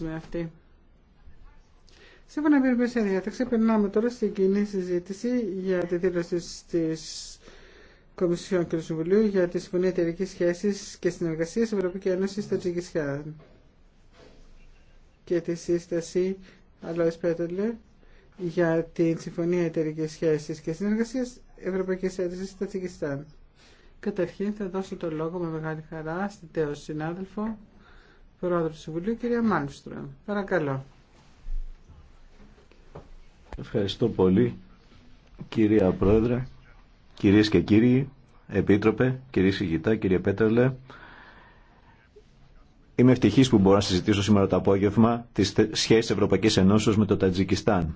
με αυτή. Σύμφωνα με την Περισσία Διάταξη, περνάμε τώρα στην κοινή συζήτηση για τη δήλωση τη Κομισιόν και του Συμβουλίου για τη Συμφωνία Εταιρική Σχέση και Συνεργασία Ευρωπαϊκή Ένωση στο και τη σύσταση Αλόη Πέτολε για τη Συμφωνία Εταιρική Σχέση και Συνεργασία Ευρωπαϊκή Ένωση στο Καταρχήν θα δώσω το λόγο με μεγάλη χαρά στην τέο συνάδελφο. Πρόεδρο του Συμβουλίου, κυρία Μάνιστρο. Παρακαλώ. Ευχαριστώ πολύ, κυρία Πρόεδρε, κυρίες και κύριοι, Επίτροπε, κύριε Σιγητά, κύριε Πέτρελε. Είμαι ευτυχή που μπορώ να συζητήσω σήμερα το απόγευμα τι σχέσει Ευρωπαϊκή Ενώσεω με το Τατζικιστάν.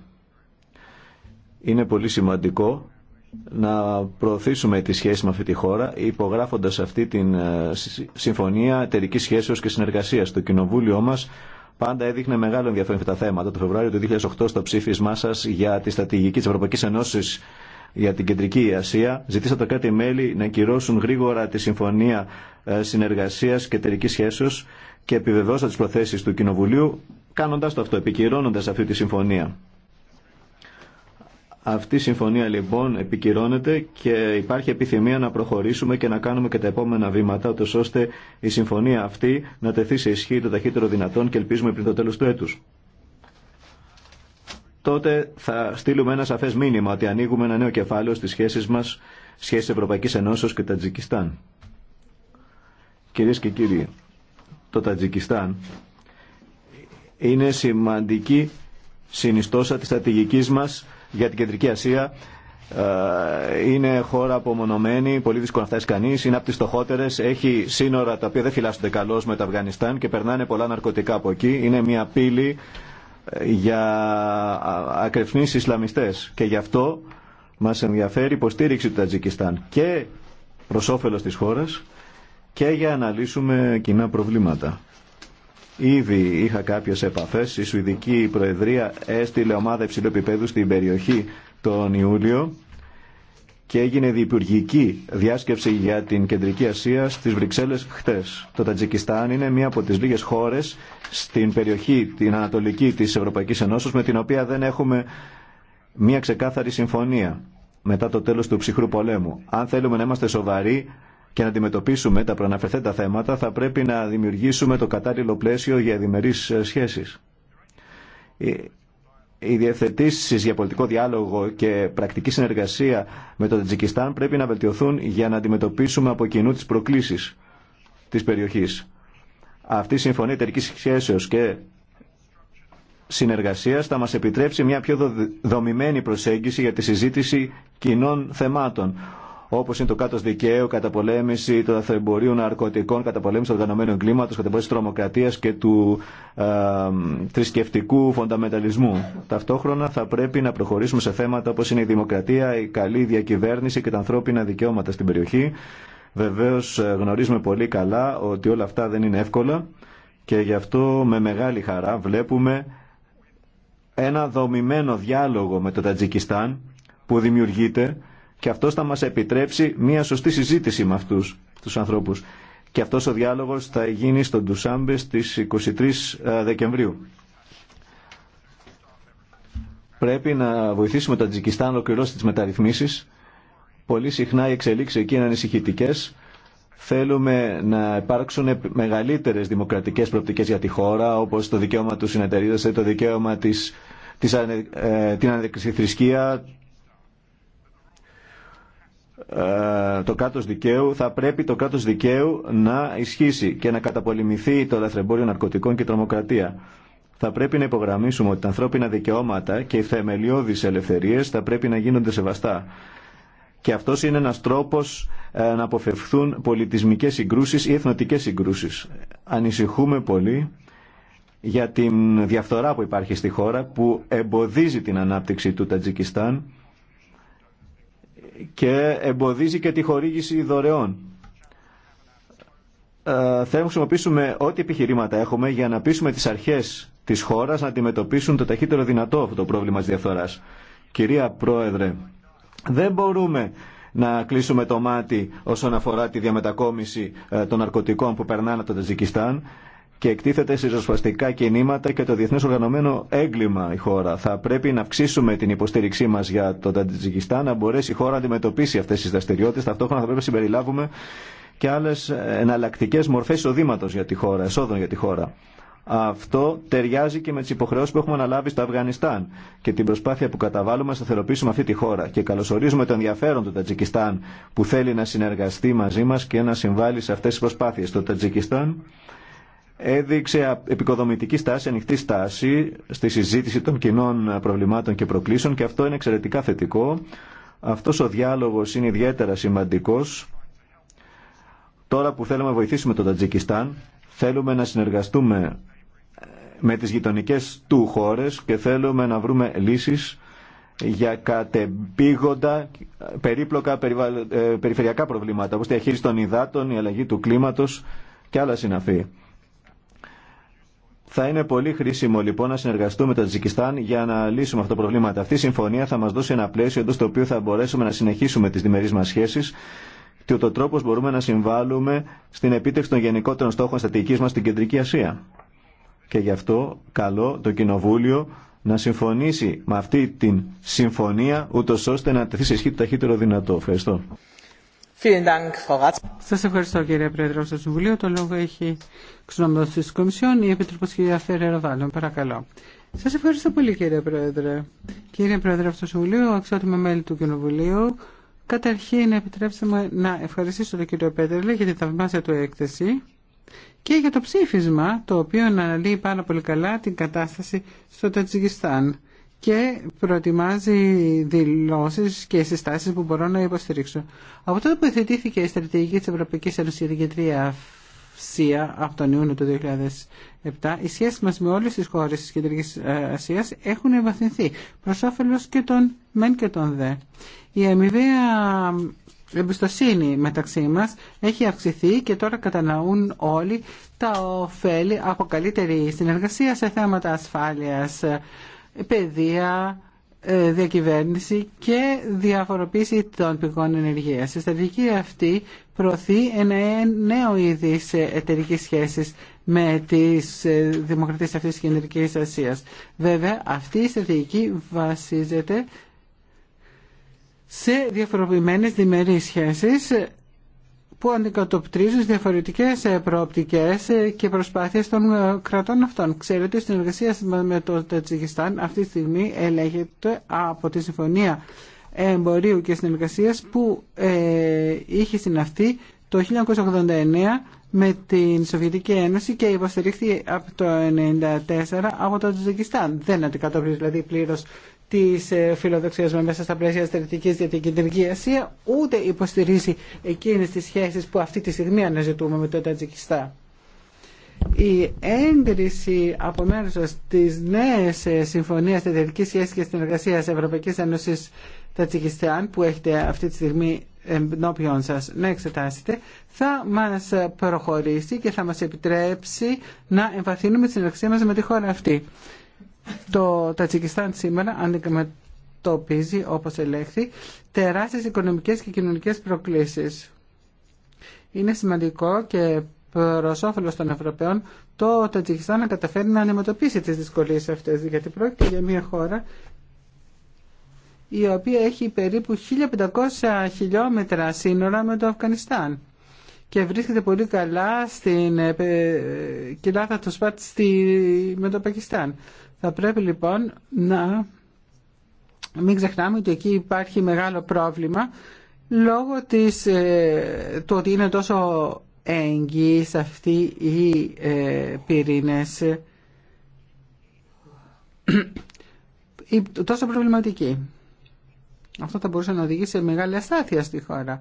Είναι πολύ σημαντικό να προωθήσουμε τη σχέση με αυτή τη χώρα υπογράφοντας αυτή τη ε, συμφωνία εταιρική σχέσεως και συνεργασίας. Το κοινοβούλιο μας πάντα έδειχνε μεγάλο ενδιαφέρον αυτά τα θέματα. Το Φεβρουάριο του 2008 στο ψήφισμά σας για τη στρατηγική της Ευρωπαϊκής Ενώσης για την Κεντρική Ασία ζητήσατε κάτι μελη να κυρώσουν γρήγορα τη συμφωνία ε, συνεργασίας και εταιρική σχέσεως και επιβεβαιώσατε τις προθέσεις του Κοινοβουλίου κάνοντας το αυτό, επικυρώνοντας αυτή τη συμφωνία. Αυτή η συμφωνία λοιπόν επικυρώνεται και υπάρχει επιθυμία να προχωρήσουμε και να κάνουμε και τα επόμενα βήματα, ώστε η συμφωνία αυτή να τεθεί σε ισχύ το ταχύτερο δυνατόν και ελπίζουμε πριν το τέλος του έτους. Τότε θα στείλουμε ένα σαφές μήνυμα ότι ανοίγουμε ένα νέο κεφάλαιο στις σχέσεις μας, σχέσεις Ευρωπαϊκής Ενώσεως και Τατζικιστάν. Κυρίες και κύριοι, το Τατζικιστάν είναι σημαντική συνιστόσα της στρατηγικής μας για την Κεντρική Ασία. Ε, είναι χώρα απομονωμένη, πολύ δύσκολο να φτάσει κανεί, είναι από τι στοχότερε, έχει σύνορα τα οποία δεν φυλάσσονται καλώ με το Αφγανιστάν και περνάνε πολλά ναρκωτικά από εκεί. Είναι μια πύλη ε, για ακρεφνεί Ισλαμιστέ και γι' αυτό μα ενδιαφέρει η υποστήριξη του Τατζικιστάν και προ όφελο τη χώρα και για να λύσουμε κοινά προβλήματα. Ήδη είχα κάποιε επαφέ. Η Σουηδική Προεδρία έστειλε ομάδα υψηλού επίπεδου στην περιοχή τον Ιούλιο και έγινε διπουργική διάσκεψη για την Κεντρική Ασία στι Βρυξέλλες ΧΤΕ. Το Τατζικιστάν είναι μία από τις λίγε χώρες στην περιοχή την Ανατολική της Ευρωπαϊκής Ενώσης με την οποία δεν έχουμε μία ξεκάθαρη συμφωνία μετά το τέλος του ψυχρού πολέμου. Αν θέλουμε να είμαστε σοβαροί και να αντιμετωπίσουμε τα προαναφερθέντα θέματα θα πρέπει να δημιουργήσουμε το κατάλληλο πλαίσιο για διμερείς ε, σχέσει. Ε, οι διευθετήσει για πολιτικό διάλογο και πρακτική συνεργασία με το Τζικιστάν πρέπει να βελτιωθούν για να αντιμετωπίσουμε από κοινού τι προκλήσει τη περιοχή. Αυτή η συμφωνία εταιρική σχέσεω και συνεργασία θα μα επιτρέψει μια πιο δομημένη προσέγγιση για τη συζήτηση κοινών θεμάτων όπω είναι το κάτω δικαίου, καταπολέμηση των αθρεμπορίων ναρκωτικών, καταπολέμηση του οργανωμένου κατά καταπολέμηση τη τρομοκρατία και του ε, θρησκευτικού φονταμεταλισμού. Ταυτόχρονα θα πρέπει να προχωρήσουμε σε θέματα όπω είναι η δημοκρατία, η καλή διακυβέρνηση και τα ανθρώπινα δικαιώματα στην περιοχή. Βεβαίω ε, γνωρίζουμε πολύ καλά ότι όλα αυτά δεν είναι εύκολα και γι' αυτό με μεγάλη χαρά βλέπουμε ένα δομημένο διάλογο με το Τατζικιστάν που δημιουργείται και αυτό θα μας επιτρέψει μια σωστή συζήτηση με αυτού τους ανθρώπους. Και αυτός ο διάλογος θα γίνει στον Τουσάμπε στις 23 ε, Δεκεμβρίου. Πρέπει να βοηθήσουμε το Τζικιστάν να ολοκληρώσει τι μεταρρυθμίσει. Πολύ συχνά οι εξελίξει εκεί είναι ανησυχητικέ. Θέλουμε να υπάρξουν μεγαλύτερες δημοκρατικές προοπτικέ για τη χώρα, όπως το δικαίωμα του συνεταιρίζεσαι, το δικαίωμα της, της, ε, ε, την ε, το κάτος δικαίου θα πρέπει το κράτο δικαίου να ισχύσει και να καταπολεμηθεί το λαθρεμπόριο ναρκωτικών και τρομοκρατία. Θα πρέπει να υπογραμμίσουμε ότι τα ανθρώπινα δικαιώματα και οι θεμελιώδεις ελευθερίες θα πρέπει να γίνονται σεβαστά. Και αυτό είναι ένας τρόπος ε, να αποφευθούν πολιτισμικές συγκρούσει ή εθνοτικέ συγκρούσει. Ανησυχούμε πολύ για την διαφθορά που υπάρχει στη χώρα που εμποδίζει την ανάπτυξη του Τατζικιστάν και εμποδίζει και τη χορήγηση δωρεών. Ε, θέλουμε να χρησιμοποιήσουμε ό,τι επιχειρήματα έχουμε για να πείσουμε τις αρχές της χώρας να αντιμετωπίσουν το ταχύτερο δυνατό αυτό το πρόβλημα της διαφθοράς. Κυρία Πρόεδρε, δεν μπορούμε να κλείσουμε το μάτι όσον αφορά τη διαμετακόμιση ε, των ναρκωτικών που περνάνε από το Ταζικιστάν και εκτίθεται σε ριζοσπαστικά κινήματα και το διεθνέ οργανωμένο έγκλημα η χώρα. Θα πρέπει να αυξήσουμε την υποστήριξή μα για το Τατζικιστάν, να μπορέσει η χώρα να αντιμετωπίσει αυτέ τι δραστηριότητε. Ταυτόχρονα θα πρέπει να συμπεριλάβουμε και άλλε εναλλακτικέ μορφέ εισοδήματο για τη χώρα, εσόδων για τη χώρα. Αυτό ταιριάζει και με τι υποχρεώσει που έχουμε αναλάβει στο Αφγανιστάν και την προσπάθεια που καταβάλουμε να σταθεροποιήσουμε αυτή τη χώρα. Και καλωσορίζουμε το ενδιαφέρον του Τατζικιστάν που θέλει να συνεργαστεί μαζί μα και να συμβάλλει σε αυτέ τι προσπάθειε. Το Τατζικιστάν έδειξε επικοδομητική στάση, ανοιχτή στάση στη συζήτηση των κοινών προβλημάτων και προκλήσεων και αυτό είναι εξαιρετικά θετικό. Αυτός ο διάλογος είναι ιδιαίτερα σημαντικός. Τώρα που θέλουμε να βοηθήσουμε τον Τατζικιστάν, θέλουμε να συνεργαστούμε ε, με τις γειτονικές του χώρες και θέλουμε να βρούμε λύσεις για κατεμπήγοντα περίπλοκα ε, περιφερειακά προβλήματα όπως τη διαχείριση των υδάτων, η αλλαγή του κλίματος και άλλα συναφή. Θα είναι πολύ χρήσιμο λοιπόν να συνεργαστούμε με το Τζικιστάν για να λύσουμε αυτό το πρόβλημα. Αυτή η συμφωνία θα μα δώσει ένα πλαίσιο εντό του οποίου θα μπορέσουμε να συνεχίσουμε τι διμερεί μα σχέσει και ούτω τρόπο μπορούμε να συμβάλλουμε στην επίτευξη των γενικότερων στόχων στρατηγική μα στην Κεντρική Ασία. Και γι' αυτό καλό το Κοινοβούλιο να συμφωνήσει με αυτή την συμφωνία, ούτω ώστε να τεθεί σε ισχύ το ταχύτερο δυνατό. Ευχαριστώ. Σας ευχαριστώ κύριε Πρόεδρε του Συμβουλίου. Το λόγο έχει ξενομιδότηση της Κομισιόν η Επιτροπής κυρία Φέρε Βάλλον. Παρακαλώ. Σας ευχαριστώ πολύ κύριε Πρόεδρε. Κύριε Πρόεδρε του Συμβουλίου, αξιότιμα μέλη του Κοινοβουλίου, καταρχήν επιτρέψτε μου να ευχαριστήσω τον κύριο Πέτερλε για την θαυμάσια του έκθεση και για το ψήφισμα το οποίο αναλύει πάρα πολύ καλά την κατάσταση στο Τατζικιστάν και προετοιμάζει δηλώσει και συστάσει που μπορώ να υποστηρίξω. Από τότε που εθετήθηκε η στρατηγική τη Ευρωπαϊκή Ένωση, για την Ασία από τον Ιούνιο του 2007, οι σχέσει μα με όλε τι χώρε τη Κεντρική ε, Ασία έχουν ευαθυνθεί προ όφελο και των μεν και των δε. Η αμοιβαία εμπιστοσύνη μεταξύ μα έχει αυξηθεί και τώρα καταναούν όλοι τα ωφέλη από καλύτερη συνεργασία σε θέματα ασφάλεια παιδεία, ε, διακυβέρνηση και διαφοροποίηση των πηγών ενεργείας. Η στρατηγική αυτή προωθεί ένα νέο είδη εταιρική σχέση με τις ε, δημοκρατίες αυτή τη Κεντρική Ασία. Βέβαια, αυτή η στρατηγική βασίζεται σε διαφοροποιημένες διμερείς σχέσεις που αντικατοπτρίζουν διαφορετικές ε, προοπτικέ ε, και προσπάθειες των ε, κρατών αυτών. Ξέρετε ότι η συνεργασία με το Τατζικιστάν αυτή τη στιγμή ελέγχεται από τη Συμφωνία Εμπορίου και συνεργασία που είχε συναυτεί το 1989 με την Σοβιετική Ένωση και υποστηρίχθηκε από το 1994 από το Τατζικιστάν. Δεν αντικατοπτρίζει δηλαδή πλήρως Τη ε, φιλοδοξία μας μέσα στα πλαίσια στρατηγικής για την Κεντρική Ασία, ούτε υποστηρίζει εκείνες τι σχέσει που αυτή τη στιγμή αναζητούμε με το Τατζικιστά. Η έγκριση από μέρους της νέας ε, συμφωνίας εταιρικής σχέσης και συνεργασίας Ευρωπαϊκής Ένωσης Τατζικιστάν που έχετε αυτή τη στιγμή ενώπιον σας να εξετάσετε θα μας προχωρήσει και θα μας επιτρέψει να εμβαθύνουμε τη συνεργασία μας με τη χώρα αυτή. Το Τατζικιστάν σήμερα αντιμετωπίζει, όπως ελέγχθη, τεράστιες οικονομικές και κοινωνικές προκλήσεις. Είναι σημαντικό και προ όφελο των Ευρωπαίων το Τατζικιστάν να καταφέρει να αντιμετωπίσει τις δυσκολίες αυτές, γιατί πρόκειται για μια χώρα η οποία έχει περίπου 1500 χιλιόμετρα σύνορα με το Αφγανιστάν και βρίσκεται πολύ καλά στην ε, ε, κοιλάδα του Σπάτ με το Πακιστάν. Θα πρέπει λοιπόν να μην ξεχνάμε ότι εκεί υπάρχει μεγάλο πρόβλημα λόγω της, ε, του ότι είναι τόσο σε αυτοί οι ε, πυρήνες τόσο προβληματικοί. Αυτό θα μπορούσε να οδηγήσει σε μεγάλη αστάθεια στη χώρα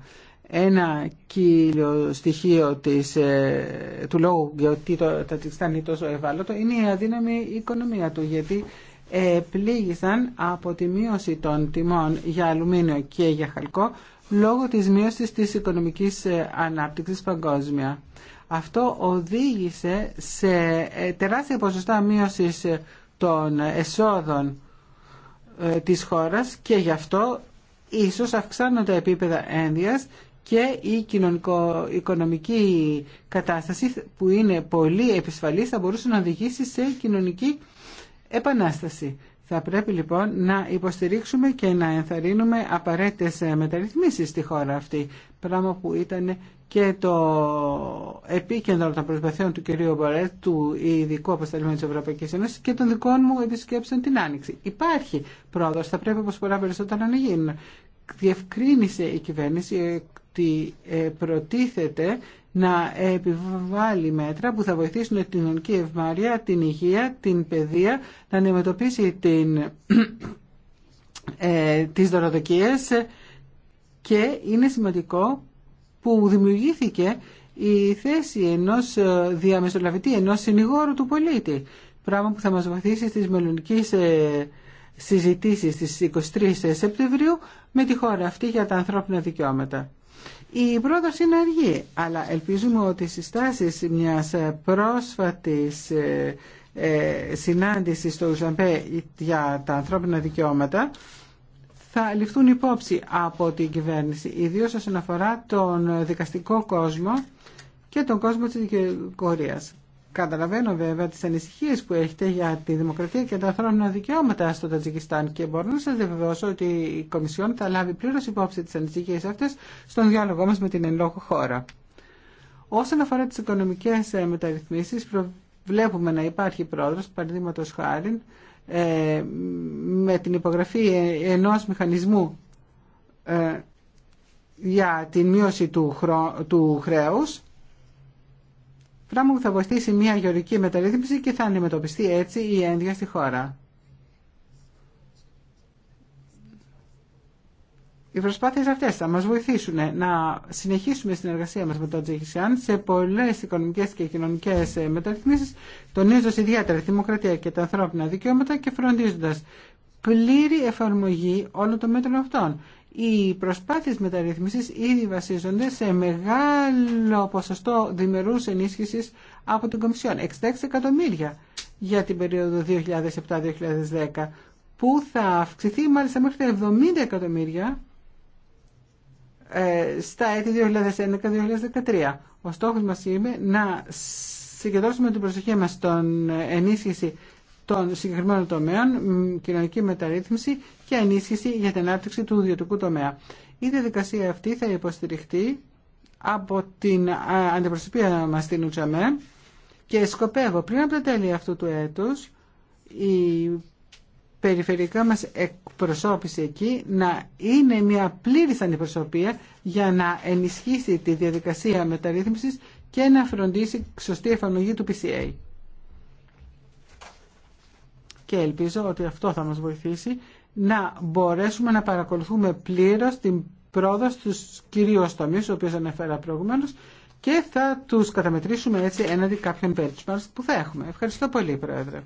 ένα κύριο στοιχείο της, ε, του λόγου γιατί το Τατζικστάν είναι τόσο ευάλωτο είναι η αδύναμη οικονομία του γιατί ε, πλήγησαν από τη μείωση των τιμών για αλουμίνιο και για χαλκό λόγω της μείωσης της οικονομικής ε, ανάπτυξης παγκόσμια. Αυτό οδήγησε σε ε, τεράστια ποσοστά μείωσης των εσόδων της χώρας και γι' αυτό ίσως αυξάνονται επίπεδα ένδυας και η κοινωνικο-οικονομική κατάσταση που είναι πολύ επισφαλής θα μπορούσε να οδηγήσει σε κοινωνική επανάσταση. Θα πρέπει λοιπόν να υποστηρίξουμε και να ενθαρρύνουμε απαραίτητες μεταρρυθμίσεις στη χώρα αυτή, πράγμα που ήταν και το επίκεντρο των προσπαθειών του κυρίου Μπορέ του ειδικού αποσταλμένου της Ευρωπαϊκής Ένωσης και των δικών μου επισκέψεων την Άνοιξη. Υπάρχει πρόοδος, θα πρέπει όπως πολλά περισσότερα να γίνουν διευκρίνησε η κυβέρνηση ότι ε, προτίθεται να επιβάλλει μέτρα που θα βοηθήσουν την κοινωνική ευμάρεια, την υγεία, την παιδεία, να αντιμετωπίσει την, ε, τις δωροδοκίες και είναι σημαντικό που δημιουργήθηκε η θέση ενός ε, διαμεσολαβητή, ενός συνηγόρου του πολίτη, πράγμα που θα μας βοηθήσει στις μελλοντικές ε, συζητήσεις στις 23 Σεπτεμβρίου με τη χώρα αυτή για τα ανθρώπινα δικαιώματα. Η πρόταση είναι αργή, αλλά ελπίζουμε ότι οι συστάσεις μιας πρόσφατης ε, ε, συνάντησης στο Ουζαμπέ για τα ανθρώπινα δικαιώματα θα ληφθούν υπόψη από την κυβέρνηση, ιδίως όσον αφορά τον δικαστικό κόσμο και τον κόσμο της δικαιοκορίας. Καταλαβαίνω βέβαια τις ανησυχίες που έχετε για τη δημοκρατία και τα ανθρώπινα δικαιώματα στο Τατζικιστάν και μπορώ να σας διαβεβαιώσω ότι η Κομισιόν θα λάβει πλήρως υπόψη τις ανησυχίες αυτές στον διάλογό μας με την εν λόγω χώρα. Όσον αφορά τις οικονομικές ε, μεταρρυθμίσεις, βλέπουμε να υπάρχει πρόοδος, παραδείγματο χάρη, ε, με την υπογραφή ε, ενός μηχανισμού για τη μείωση του χρέους, Πράγμα που θα βοηθήσει μια γεωρική μεταρρύθμιση και θα αντιμετωπιστεί έτσι η ένδια στη χώρα. Οι προσπάθειες αυτές θα μας βοηθήσουν να συνεχίσουμε εργασία μας με τον Τζεχισιάν σε πολλές οικονομικές και κοινωνικές μεταρρυθμίσεις, τονίζοντας ιδιαίτερα τη δημοκρατία και τα ανθρώπινα δικαιώματα και φροντίζοντας πλήρη εφαρμογή όλων των μέτρων αυτών οι προσπάθειες μεταρρύθμισης ήδη βασίζονται σε μεγάλο ποσοστό διμερούς ενίσχυσης από την Κομισιόν, 66 εκατομμύρια για την περίοδο 2007-2010, που θα αυξηθεί μάλιστα μέχρι τα 70 εκατομμύρια ε, στα έτη 2011-2013. Ο στόχος μας είναι να συγκεντρώσουμε την προσοχή μας στον ενίσχυση των συγκεκριμένων τομέων, κοινωνική μεταρρύθμιση και ενίσχυση για την ανάπτυξη του ιδιωτικού τομέα. Η διαδικασία αυτή θα υποστηριχτεί από την αντιπροσωπεία μας στην Ουτσαμέ και σκοπεύω πριν από τα τέλη αυτού του έτους η περιφερεικά μας εκπροσώπηση εκεί να είναι μια πλήρης αντιπροσωπεία για να ενισχύσει τη διαδικασία μεταρρύθμισης και να φροντίσει σωστή εφαρμογή του PCA και ελπίζω ότι αυτό θα μας βοηθήσει να μπορέσουμε να παρακολουθούμε πλήρως την πρόοδο στους κυρίως τομείς, ο οποίος ανέφερα προηγουμένως, και θα τους καταμετρήσουμε έτσι έναντι κάποιων benchmarks που θα έχουμε. Ευχαριστώ πολύ, Πρόεδρε.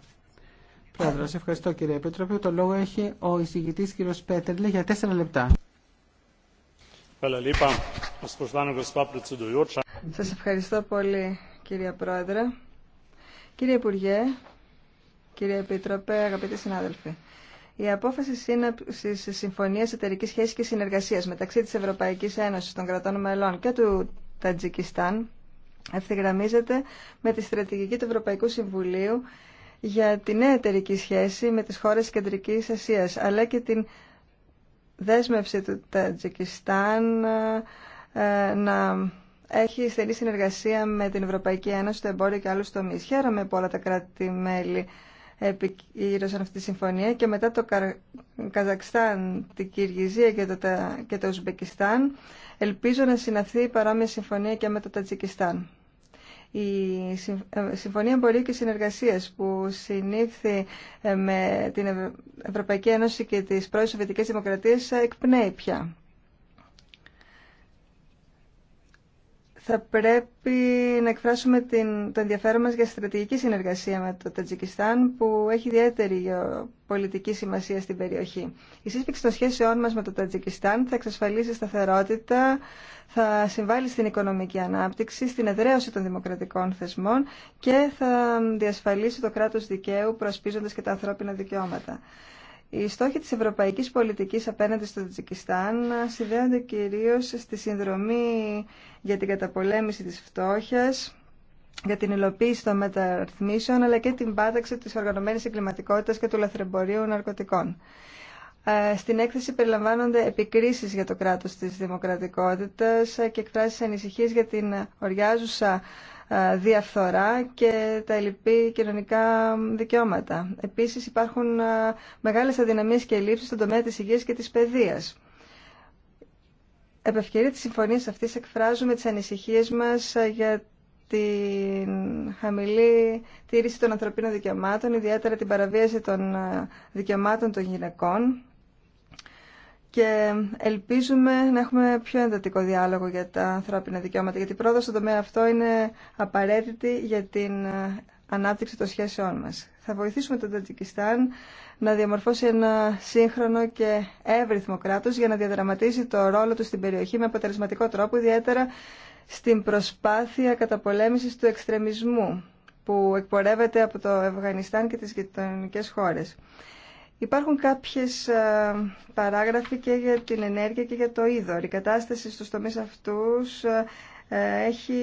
Πρόεδρος, ευχαριστώ κύριε Επίτροπε. Το λόγο έχει ο εισηγητής κύριος Πέτερλε για τέσσερα λεπτά. Σας ευχαριστώ πολύ κύριε Πρόεδρε. Κύριε Υπουργέ, κύριε Επιτροπέ, αγαπητοί συνάδελφοι. Η απόφαση σύναψη συμφωνία εταιρική σχέση και συνεργασία μεταξύ τη Ευρωπαϊκή Ένωση, των κρατών μελών και του Τατζικιστάν ευθυγραμμίζεται με τη στρατηγική του Ευρωπαϊκού Συμβουλίου για τη νέα εταιρική σχέση με τις χώρες κεντρική ασία, αλλά και την δέσμευση του Τατζικιστάν ε, να έχει στενή συνεργασία με την Ευρωπαϊκή Ένωση, το εμπόριο και άλλου τομεί. Χαίρομαι που όλα τα κράτη-μέλη επικύρωσαν αυτή τη συμφωνία και μετά το Καζακστάν, την Κυργιζία και το, και το Ουσμπεκιστάν ελπίζω να συναυθεί η παρόμοια συμφωνία και με το Τατζικιστάν. Η ε, Συμφωνία Εμπορίου και Συνεργασίας που συνήφθη ε, με την Ευρωπαϊκή Ένωση και τις πρώην Σοβιετικές Δημοκρατίες ε, εκπνέει πια. θα πρέπει να εκφράσουμε την, το ενδιαφέρον μας για στρατηγική συνεργασία με το Τατζικιστάν που έχει ιδιαίτερη πολιτική σημασία στην περιοχή. Η σύσπηξη των σχέσεών μας με το Τατζικιστάν θα εξασφαλίσει σταθερότητα, θα συμβάλλει στην οικονομική ανάπτυξη, στην εδραίωση των δημοκρατικών θεσμών και θα διασφαλίσει το κράτος δικαίου προσπίζοντας και τα ανθρώπινα δικαιώματα. Οι στόχοι της ευρωπαϊκής πολιτικής απέναντι στο Τζικιστάν συνδέονται κυρίως στη συνδρομή για την καταπολέμηση της φτώχειας, για την υλοποίηση των μεταρρυθμίσεων, αλλά και την πάταξη της οργανωμένης εγκληματικότητας και του λαθρεμπορίου ναρκωτικών. Ε, στην έκθεση περιλαμβάνονται επικρίσεις για το κράτος της δημοκρατικότητας και εκφράσεις ανησυχίες για την οριάζουσα ε, διαφθορά και τα ελληπή κοινωνικά δικαιώματα. Επίσης υπάρχουν ε, μεγάλες αδυναμίες και ελλείψεις στον τομέα της υγείας και της παιδείας. Επ' ευκαιρία της συμφωνίας αυτής εκφράζουμε τις ανησυχίες μας ε, για την χαμηλή τήρηση των ανθρωπίνων δικαιωμάτων, ιδιαίτερα την παραβίαση των δικαιωμάτων των γυναικών και ελπίζουμε να έχουμε πιο εντατικό διάλογο για τα ανθρώπινα δικαιώματα, γιατί η πρόοδο στον τομέα αυτό είναι απαραίτητη για την ε, ανάπτυξη των σχέσεών μας. Θα βοηθήσουμε τον Τατζικιστάν να διαμορφώσει ένα σύγχρονο και εύρυθμο κράτος για να διαδραματίσει το ρόλο του στην περιοχή με αποτελεσματικό τρόπο, ιδιαίτερα στην προσπάθεια καταπολέμησης του εξτρεμισμού που εκπορεύεται από το Αφγανιστάν και τις γειτονικές χώρες. Υπάρχουν κάποιες ε, παράγραφοι και για την ενέργεια και για το είδωρ. Η κατάσταση στους τομείς αυτούς ε, ε, έχει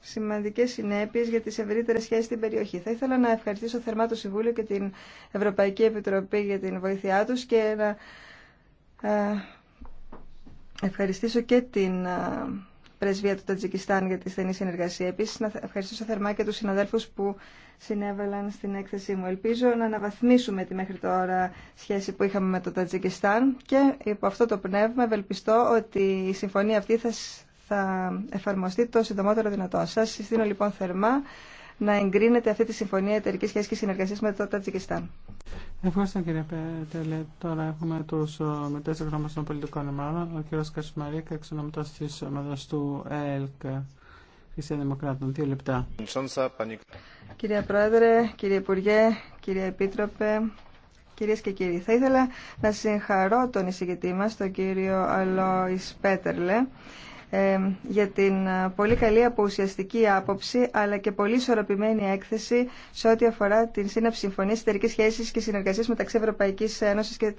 σημαντικές συνέπειες για τις ευρύτερες σχέσεις στην περιοχή. Θα ήθελα να ευχαριστήσω θερμά το Συμβούλιο και την Ευρωπαϊκή Επιτροπή για την βοήθειά τους και να ευχαριστήσω και την πρεσβεία του Τατζικιστάν για τη στενή συνεργασία. επίση. να ευχαριστήσω θερμά και του συναδέλφου που συνέβαλαν στην έκθεσή μου. Ελπίζω να αναβαθμίσουμε τη μέχρι τώρα σχέση που είχαμε με το Τατζικιστάν και υπό αυτό το πνεύμα ευελπιστώ ότι η συμφωνία αυτή θα, θα εφαρμοστεί το συντομότερο δυνατό. Σα συστήνω λοιπόν θερμά να εγκρίνεται αυτή τη συμφωνία εταιρική σχέση και συνεργασία με το Τατζικιστάν. Ευχαριστώ κύριε Πέτελε. Τώρα έχουμε του μετέ γνώμε των πολιτικών ομάδων. Ο κύριο Κασουμαρίκα, εξονομητό τη ομάδα του ΕΕΛΚ. Δημοκράτων. Δύο λεπτά. Κυρία Πρόεδρε, κύριε Υπουργέ, κύριε Επίτροπε, κύριε και κύριοι. Θα ήθελα να συγχαρώ τον εισηγητή μα τον κύριο Αλόι Πέτερλε, ε, για την ε, πολύ καλή αποουσιαστική άποψη αλλά και πολύ ισορροπημένη έκθεση σε ό,τι αφορά την σύναψη συμφωνία εταιρική σχέση και συνεργασία μεταξύ Ευρωπαϊκή Ένωση και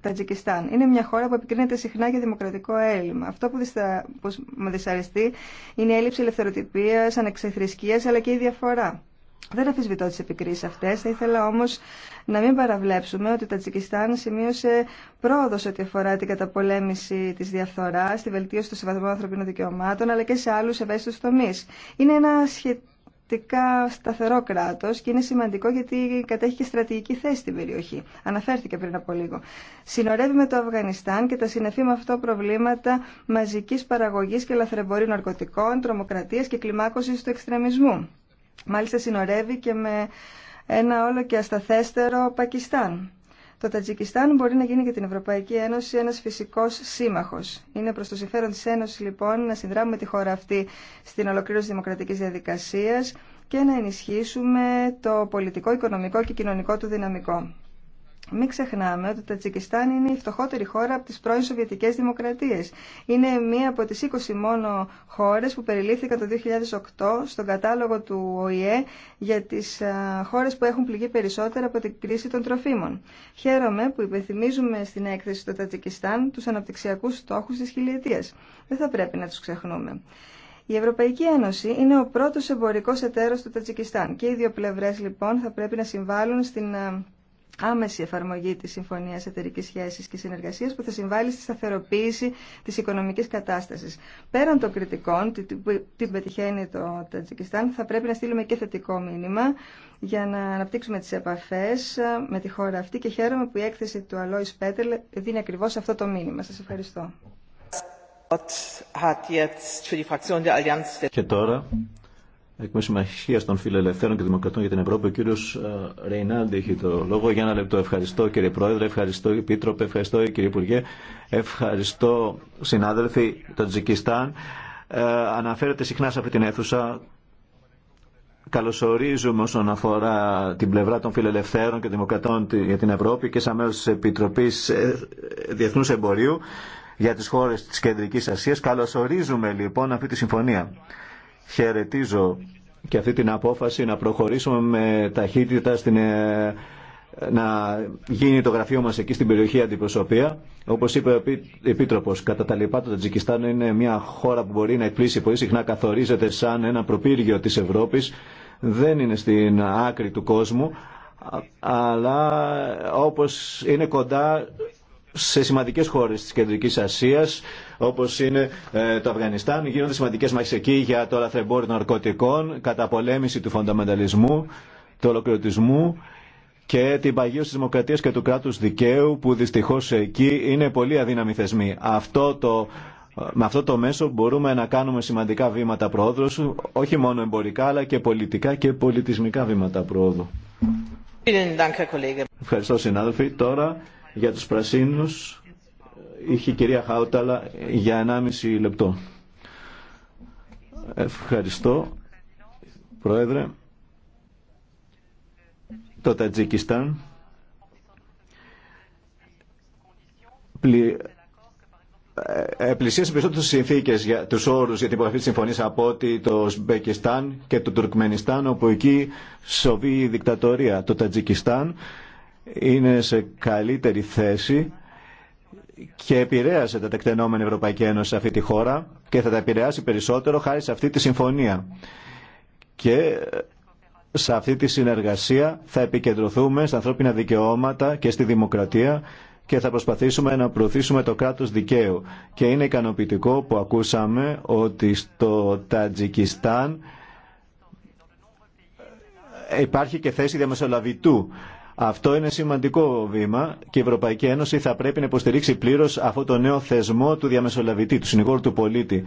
Τατζικιστάν. Είναι μια χώρα που επικρίνεται συχνά για δημοκρατικό έλλειμμα. Αυτό που, δυστα... που με δυσαρεστεί είναι η έλλειψη ελευθεροτυπία, ανεξεθρησκεία αλλά και η διαφορά. Δεν αφισβητώ τι επικρίσει αυτέ. Θα ήθελα όμω να μην παραβλέψουμε ότι το Τατζικιστάν σημείωσε πρόοδο ό,τι αφορά την καταπολέμηση τη διαφθορά, τη βελτίωση των σεβασμού ανθρωπίνων δικαιωμάτων, αλλά και σε άλλου ευαίσθητου τομεί. Είναι ένα σχετικά σταθερό κράτο και είναι σημαντικό γιατί κατέχει και στρατηγική θέση στην περιοχή. Αναφέρθηκε πριν από λίγο. Συνορεύει με το Αφγανιστάν και τα συνεφή με αυτό προβλήματα μαζική παραγωγή και λαθρεμπορίου ναρκωτικών, τρομοκρατία και κλιμάκωση του εξτρεμισμού. Μάλιστα συνορεύει και με ένα όλο και ασταθέστερο Πακιστάν. Το Τατζικιστάν μπορεί να γίνει για την Ευρωπαϊκή Ένωση ένας φυσικός σύμμαχος. Είναι προς το συμφέρον της Ένωσης λοιπόν να συνδράμουμε τη χώρα αυτή στην ολοκλήρωση δημοκρατικής διαδικασίας και να ενισχύσουμε το πολιτικό, οικονομικό και κοινωνικό του δυναμικό. Μην ξεχνάμε ότι το Τατζικιστάν είναι η φτωχότερη χώρα από τι πρώην Σοβιετικές δημοκρατίε. Είναι μία από τι 20 μόνο χώρε που περιλήφθηκαν το 2008 στον κατάλογο του ΟΗΕ για τι χώρε που έχουν πληγεί περισσότερο από την κρίση των τροφίμων. Χαίρομαι που υπενθυμίζουμε στην έκθεση του Τατζικιστάν του αναπτυξιακού στόχου τη χιλιετία. Δεν θα πρέπει να του ξεχνούμε. Η Ευρωπαϊκή Ένωση είναι ο πρώτο εμπορικό εταίρος του Τατζικιστάν και οι δύο πλευρέ λοιπόν θα πρέπει να συμβάλλουν στην άμεση εφαρμογή της Συμφωνίας Εταιρικής Σχέσης και Συνεργασίας που θα συμβάλλει στη σταθεροποίηση της οικονομικής κατάστασης. Πέραν των κριτικών, την πετυχαίνει το Τατζικιστάν, θα πρέπει να στείλουμε και θετικό μήνυμα για να αναπτύξουμε τις επαφές ε, με τη χώρα αυτή και χαίρομαι που η έκθεση του Αλόης Πέτελ δίνει ακριβώς αυτό το μήνυμα. Σας ευχαριστώ εκ μέρου Συμμαχία των Φιλελευθέρων και Δημοκρατών για την Ευρώπη, ο κύριο ε, Ρεϊνάλντι έχει το λόγο. Για ένα λεπτό ευχαριστώ κύριε Πρόεδρε, ευχαριστώ Επίτροπε, ευχαριστώ κύριε Υπουργέ, ευχαριστώ συνάδελφοι των Τζικιστάν. Ε, αναφέρεται συχνά σε αυτή την αίθουσα. Καλωσορίζουμε όσον αφορά την πλευρά των φιλελευθέρων και δημοκρατών για την Ευρώπη και σαν μέλος τη Επιτροπής ε, διεθνού Εμπορίου για τις χώρες της Κεντρικής Ασίας. Καλωσορίζουμε λοιπόν αυτή τη συμφωνία. Χαιρετίζω και αυτή την απόφαση να προχωρήσουμε με ταχύτητα στην, ε, να γίνει το γραφείο μας εκεί στην περιοχή αντιπροσωπεία. Όπως είπε ο Επίτροπος, κατά τα λοιπά το Τατζικιστάν είναι μια χώρα που μπορεί να εκπλήσει πολύ συχνά καθορίζεται σαν ένα προπύργιο της Ευρώπης. Δεν είναι στην άκρη του κόσμου, αλλά όπως είναι κοντά σε σημαντικές χώρες της Κεντρικής Ασίας, όπω είναι ε, το Αφγανιστάν. Γίνονται σημαντικέ μάχε εκεί για το λαθρεμπόριο των ναρκωτικών, καταπολέμηση του φονταμενταλισμού, του ολοκληρωτισμού και την παγίωση τη δημοκρατία και του κράτου δικαίου, που δυστυχώ εκεί είναι πολύ αδύναμοι θεσμοί. Αυτό το με αυτό το μέσο μπορούμε να κάνουμε σημαντικά βήματα πρόοδου, όχι μόνο εμπορικά αλλά και πολιτικά και πολιτισμικά βήματα πρόοδου. Ευχαριστώ συνάδελφοι. Τώρα για τους πρασίνους είχε η κυρία Χάουταλα για 1,5 λεπτό. Ευχαριστώ, Πρόεδρε. Το Τατζικιστάν πλη... Ε, ε, πλησίασε περισσότερε συνθήκε για του όρου για την υπογραφή τη συμφωνία από ότι το Σμπεκιστάν και το Τουρκμενιστάν όπου εκεί σοβεί η δικτατορία. Το Τατζικιστάν είναι σε καλύτερη θέση και επηρέασε τα τεκτενόμενα Ευρωπαϊκή Ένωση σε αυτή τη χώρα και θα τα επηρεάσει περισσότερο χάρη σε αυτή τη συμφωνία. Και σε αυτή τη συνεργασία θα επικεντρωθούμε στα ανθρώπινα δικαιώματα και στη δημοκρατία και θα προσπαθήσουμε να προωθήσουμε το κράτος δικαίου. Και είναι ικανοποιητικό που ακούσαμε ότι στο Τατζικιστάν υπάρχει και θέση διαμεσολαβητού αυτό είναι σημαντικό βήμα και η Ευρωπαϊκή Ένωση θα πρέπει να υποστηρίξει πλήρω αυτό το νέο θεσμό του διαμεσολαβητή, του συνηγόρου του πολίτη.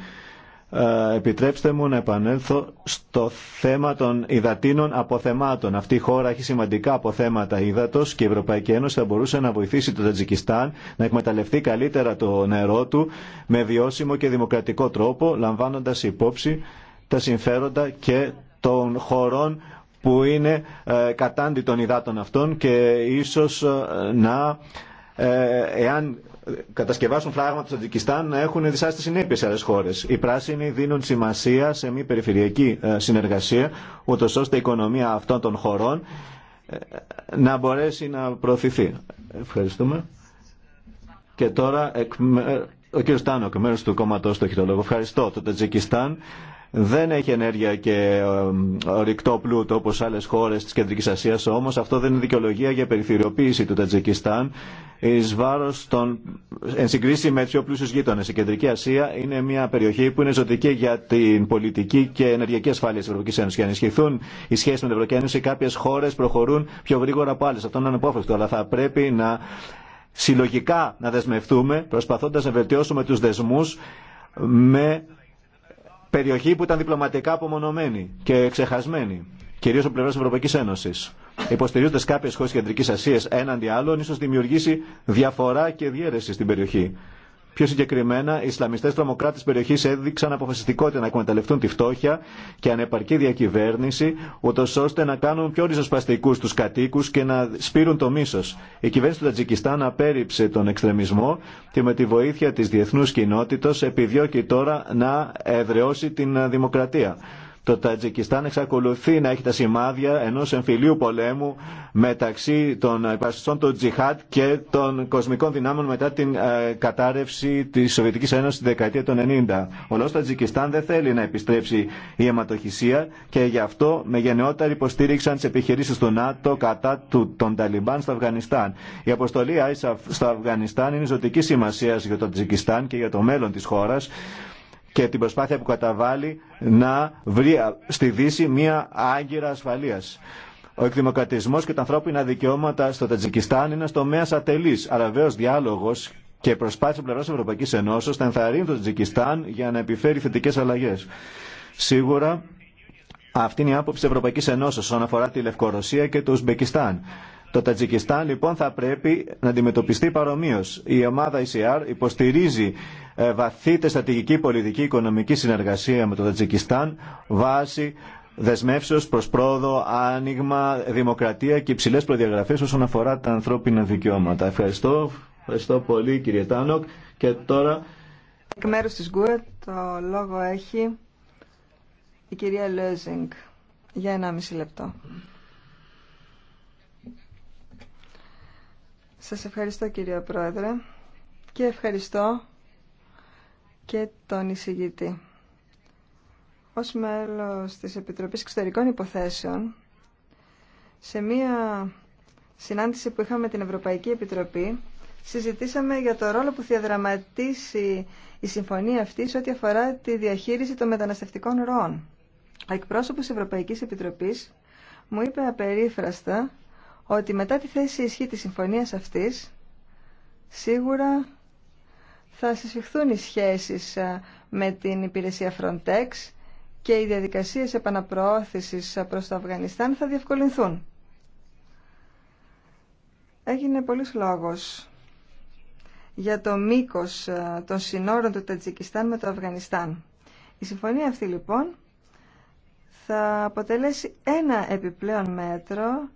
Ε, επιτρέψτε μου να επανέλθω στο θέμα των υδατίνων αποθεμάτων. Αυτή η χώρα έχει σημαντικά αποθέματα ύδατο και η Ευρωπαϊκή Ένωση θα μπορούσε να βοηθήσει το Τατζικιστάν να εκμεταλλευτεί καλύτερα το νερό του με βιώσιμο και δημοκρατικό τρόπο, λαμβάνοντα υπόψη τα συμφέροντα και των χωρών που είναι ε, κατάντι των υδάτων αυτών και ίσως ε, να, ε, εάν κατασκευάσουν φράγματα στο Τζικιστάν, να έχουν δυσάστη συνέπειε σε άλλε χώρε. Οι πράσινοι δίνουν σημασία σε μη περιφερειακή συνεργασία, ούτω ώστε η οικονομία αυτών των χωρών να μπορέσει να προωθηθεί. Ευχαριστούμε. Και τώρα ο κ. Τάνοκ, μέρο του κόμματο, το έχει Ευχαριστώ. Το Τζικιστάν δεν έχει ενέργεια και ε, ρηκτό πλούτο όπω άλλε χώρε τη Κεντρική Ασία, όμω αυτό δεν είναι δικαιολογία για περιθυριοποίηση του Τατζικιστάν Ει βάρο των, εν συγκρίση με πιο πλούσιους γείτονε. Η Κεντρική Ασία είναι μια περιοχή που είναι ζωτική για την πολιτική και ενεργειακή ασφάλεια τη Ευρωπαϊκή Ένωση. Για να ενισχυθούν οι σχέσει με την Ευρωπαϊκή Ένωση κάποιε χώρε προχωρούν πιο γρήγορα από άλλε. Αυτό είναι ανεπόφευκτο, αλλά θα πρέπει να συλλογικά να δεσμευτούμε προσπαθώντα να βελτιώσουμε του δεσμού με περιοχή που ήταν διπλωματικά απομονωμένη και ξεχασμένη, κυρίω από πλευρά τη Ευρωπαϊκή Ένωση. Υποστηρίζοντα κάποιε χώρε Κεντρική Ασία έναντι άλλων, ίσω δημιουργήσει διαφορά και διέρεση στην περιοχή. Πιο συγκεκριμένα, οι Ισλαμιστέ τρομοκράτε περιοχή έδειξαν αποφασιστικότητα να εκμεταλλευτούν τη φτώχεια και ανεπαρκή διακυβέρνηση, ούτω ώστε να κάνουν πιο ριζοσπαστικού του κατοίκου και να σπείρουν το μίσο. Η κυβέρνηση του Τατζικιστάν απέρριψε τον εξτρεμισμό και με τη βοήθεια τη διεθνού κοινότητα επιδιώκει τώρα να εδραιώσει την δημοκρατία. Το Τατζικιστάν εξακολουθεί να έχει τα σημάδια ενό εμφυλίου πολέμου μεταξύ των υπασπιστών του Τζιχάτ και των κοσμικών δυνάμεων μετά την ε, κατάρρευση τη Σοβιετικής Ένωση τη δεκαετία των 90. Ο το Τατζικιστάν δεν θέλει να επιστρέψει η αιματοχυσία και γι' αυτό με γενναιότερη υποστήριξαν τι επιχειρήσει του ΝΑΤΟ κατά του, των Ταλιμπάν στο Αφγανιστάν. Η αποστολή ISAF στο Αφγανιστάν είναι ζωτική σημασία για το Τατζικιστάν και για το μέλλον τη χώρα και την προσπάθεια που καταβάλει να βρει στη Δύση μια άγκυρα ασφαλείας. Ο εκδημοκρατισμό και τα ανθρώπινα δικαιώματα στο Τατζικιστάν είναι στο τομέα ατελή. Αλλά βεβαίω διάλογο και προσπάθεια πλευρά τη Ευρωπαϊκή Ενώσεω θα ενθαρρύνει το Τατζικιστάν για να επιφέρει θετικέ αλλαγέ. Σίγουρα αυτή είναι η άποψη τη Ευρωπαϊκή Ενώσεω όσον αφορά τη Λευκορωσία και το Ουσμπεκιστάν. Το Τατζικιστάν λοιπόν θα πρέπει να αντιμετωπιστεί παρομοίω. Η ομάδα ICR υποστηρίζει ε, βαθύτε στρατηγική πολιτική οικονομική συνεργασία με το Τατζικιστάν βάσει δεσμεύσεω προ πρόοδο, άνοιγμα, δημοκρατία και υψηλέ προδιαγραφέ όσον αφορά τα ανθρώπινα δικαιώματα. Ευχαριστώ. Ευχαριστώ πολύ κύριε Τάνοκ. Και τώρα. Εκ μέρου τη ΓΚΟΕ το λόγο έχει η κυρία Λέζινγκ για 1,5 λεπτό. Σας ευχαριστώ κύριε Πρόεδρε και ευχαριστώ και τον εισηγητή. Ως μέλος της Επιτροπής Εξωτερικών Υποθέσεων, σε μία συνάντηση που είχαμε με την Ευρωπαϊκή Επιτροπή, συζητήσαμε για το ρόλο που θα διαδραματίσει η συμφωνία αυτή σε ό,τι αφορά τη διαχείριση των μεταναστευτικών ροών. Ο εκπρόσωπος της Ευρωπαϊκής Επιτροπής μου είπε απερίφραστα ότι μετά τη θέση ισχύ της συμφωνίας αυτής σίγουρα θα συσφιχθούν οι σχέσεις ε, με την υπηρεσία Frontex και οι διαδικασίες επαναπροώθησης ε, προς το Αφγανιστάν θα διευκολυνθούν. Έγινε πολλής λόγος για το μήκος ε, των συνόρων του Τατζικιστάν με το Αφγανιστάν. Η συμφωνία αυτή λοιπόν θα αποτελέσει ένα επιπλέον μέτρο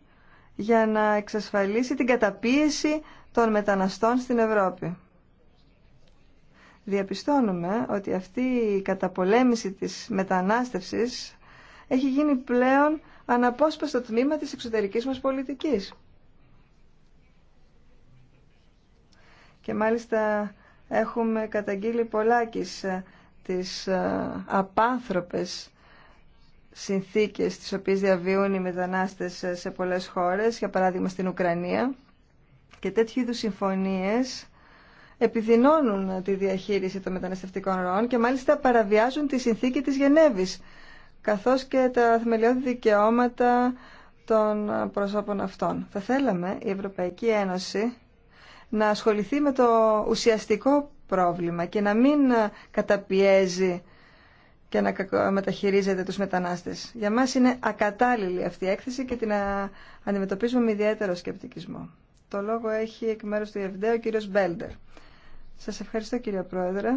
για να εξασφαλίσει την καταπίεση των μεταναστών στην Ευρώπη. Διαπιστώνουμε ότι αυτή η καταπολέμηση της μετανάστευσης έχει γίνει πλέον αναπόσπαστο τμήμα της εξωτερικής μας πολιτικής. Και μάλιστα έχουμε καταγγείλει πολλάκις ε, τις ε, απάνθρωπες συνθήκες τις οποίες διαβιούν οι μετανάστες σε πολλές χώρες, για παράδειγμα στην Ουκρανία. Και τέτοιου είδους συμφωνίες επιδεινώνουν τη διαχείριση των μεταναστευτικών ροών και μάλιστα παραβιάζουν τη συνθήκη της Γενέβης, καθώς και τα θεμελιώδη δικαιώματα των προσώπων αυτών. Θα θέλαμε η Ευρωπαϊκή Ένωση να ασχοληθεί με το ουσιαστικό πρόβλημα και να μην καταπιέζει και να μεταχειρίζεται τους μετανάστες. Για μας είναι ακατάλληλη αυτή η έκθεση και την αντιμετωπίζουμε με ιδιαίτερο σκεπτικισμό. Το λόγο έχει εκ μέρους του ΙΕΒΔΕ ο κύριος Μπέλντερ. Σας ευχαριστώ κύριε Πρόεδρε.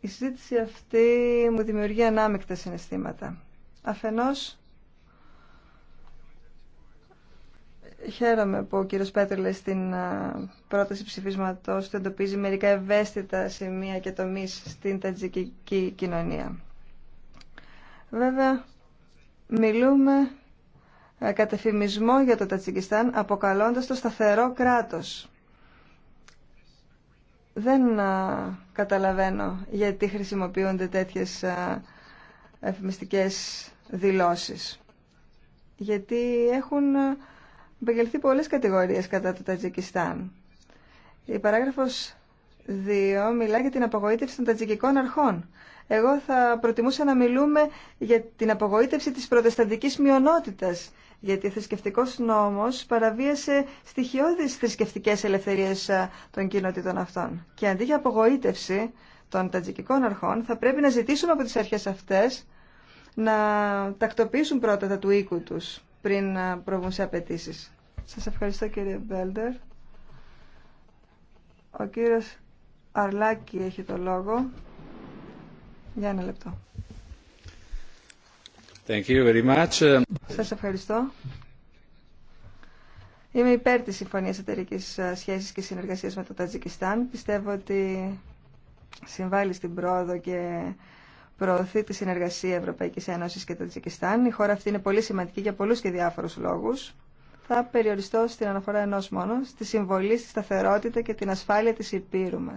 Η συζήτηση αυτή μου δημιουργεί ανάμεικτα συναισθήματα. Αφενός Χαίρομαι που ο κύριος Πέτρελε στην πρόταση ψηφίσματος του εντοπίζει μερικά ευαίσθητα σημεία και τομείς στην τατζικική κοινωνία. Βέβαια, μιλούμε ε, κατεφημισμό για το Τατζικιστάν, αποκαλώντας το σταθερό κράτος. Δεν καταλαβαίνω γιατί χρησιμοποιούνται τέτοιες εφημιστικές δηλώσεις. Γιατί έχουν επαγγελθεί πολλές κατηγορίες κατά το Τατζικιστάν. Η παράγραφος 2 μιλά για την απογοήτευση των τατζικικών αρχών. Εγώ θα προτιμούσα να μιλούμε για την απογοήτευση της προτεσταντικής μειονότητας, γιατί ο θρησκευτικό νόμο παραβίασε στοιχειώδεις θρησκευτικέ ελευθερίε των κοινότητων αυτών. Και αντί για απογοήτευση των τατζικικών αρχών, θα πρέπει να ζητήσουμε από τι αρχέ αυτέ να τακτοποιήσουν πρώτα τα του οίκου του πριν προβούν σε Σας ευχαριστώ κύριε Μπέλτερ. Ο κύριος Αρλάκη έχει το λόγο. Για ένα λεπτό. Thank you very much. Σας ευχαριστώ. Είμαι υπέρ της Συμφωνίας Εταιρικής Σχέσης και Συνεργασίας με το Τατζικιστάν. Πιστεύω ότι συμβάλλει στην πρόοδο και προωθεί τη συνεργασία Ευρωπαϊκή Ένωση και Τατζικιστάν. Η χώρα αυτή είναι πολύ σημαντική για πολλού και διάφορου λόγου. Θα περιοριστώ στην αναφορά ενό μόνο, στη συμβολή, στη σταθερότητα και την ασφάλεια τη υπήρου μα.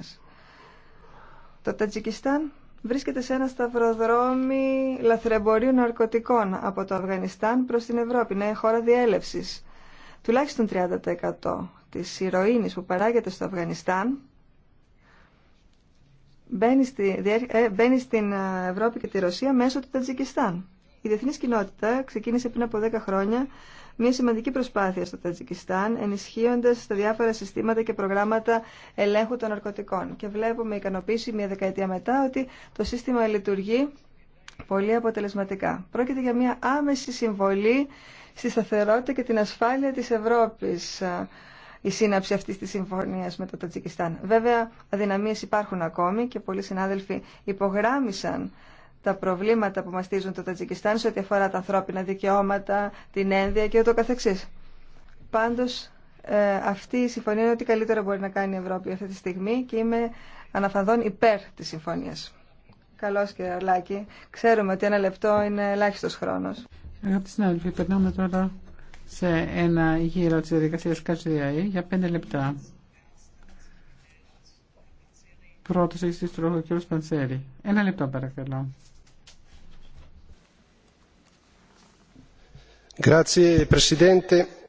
Το Τατζικιστάν βρίσκεται σε ένα σταυροδρόμι λαθρεμπορίου ναρκωτικών από το Αφγανιστάν προ την Ευρώπη. Είναι χώρα διέλευση. Τουλάχιστον 30% τη ηρωίνη που παράγεται στο Αφγανιστάν μπαίνει, στη, ε, μπαίνει στην ε, Ευρώπη και τη Ρωσία μέσω του Τατζικιστάν. Η διεθνή κοινότητα ξεκίνησε πριν από 10 χρόνια μια σημαντική προσπάθεια στο Τατζικιστάν, ενισχύοντα τα διάφορα συστήματα και προγράμματα ελέγχου των ναρκωτικών. Και βλέπουμε ικανοποίηση μια δεκαετία μετά ότι το σύστημα λειτουργεί πολύ αποτελεσματικά. Πρόκειται για μια άμεση συμβολή στη σταθερότητα και την ασφάλεια της Ευρώπης η σύναψη αυτή τη συμφωνία με το Τατζικιστάν. Βέβαια, αδυναμίε υπάρχουν ακόμη και πολλοί συνάδελφοι υπογράμμισαν τα προβλήματα που μαστίζουν το Τατζικιστάν σε ό,τι αφορά τα ανθρώπινα δικαιώματα, την ένδια και ούτω καθεξής. Πάντως, ε, αυτή η συμφωνία είναι ό,τι καλύτερα μπορεί να κάνει η Ευρώπη αυτή τη στιγμή και είμαι αναφανδόν υπέρ της συμφωνίας. Καλώς κύριε Αρλάκη. Ξέρουμε ότι ένα λεπτό είναι ελάχιστος χρόνος. Αγαπητοί συνάδελφοι, περνάμε τώρα σε ένα γύρο της διαδικασίας ΚΑΤΣΙΔΙΑΗ για πέντε λεπτά. Πρώτος έχει στήσει ο κ. Παντσέρη. Ένα λεπτό παρακαλώ.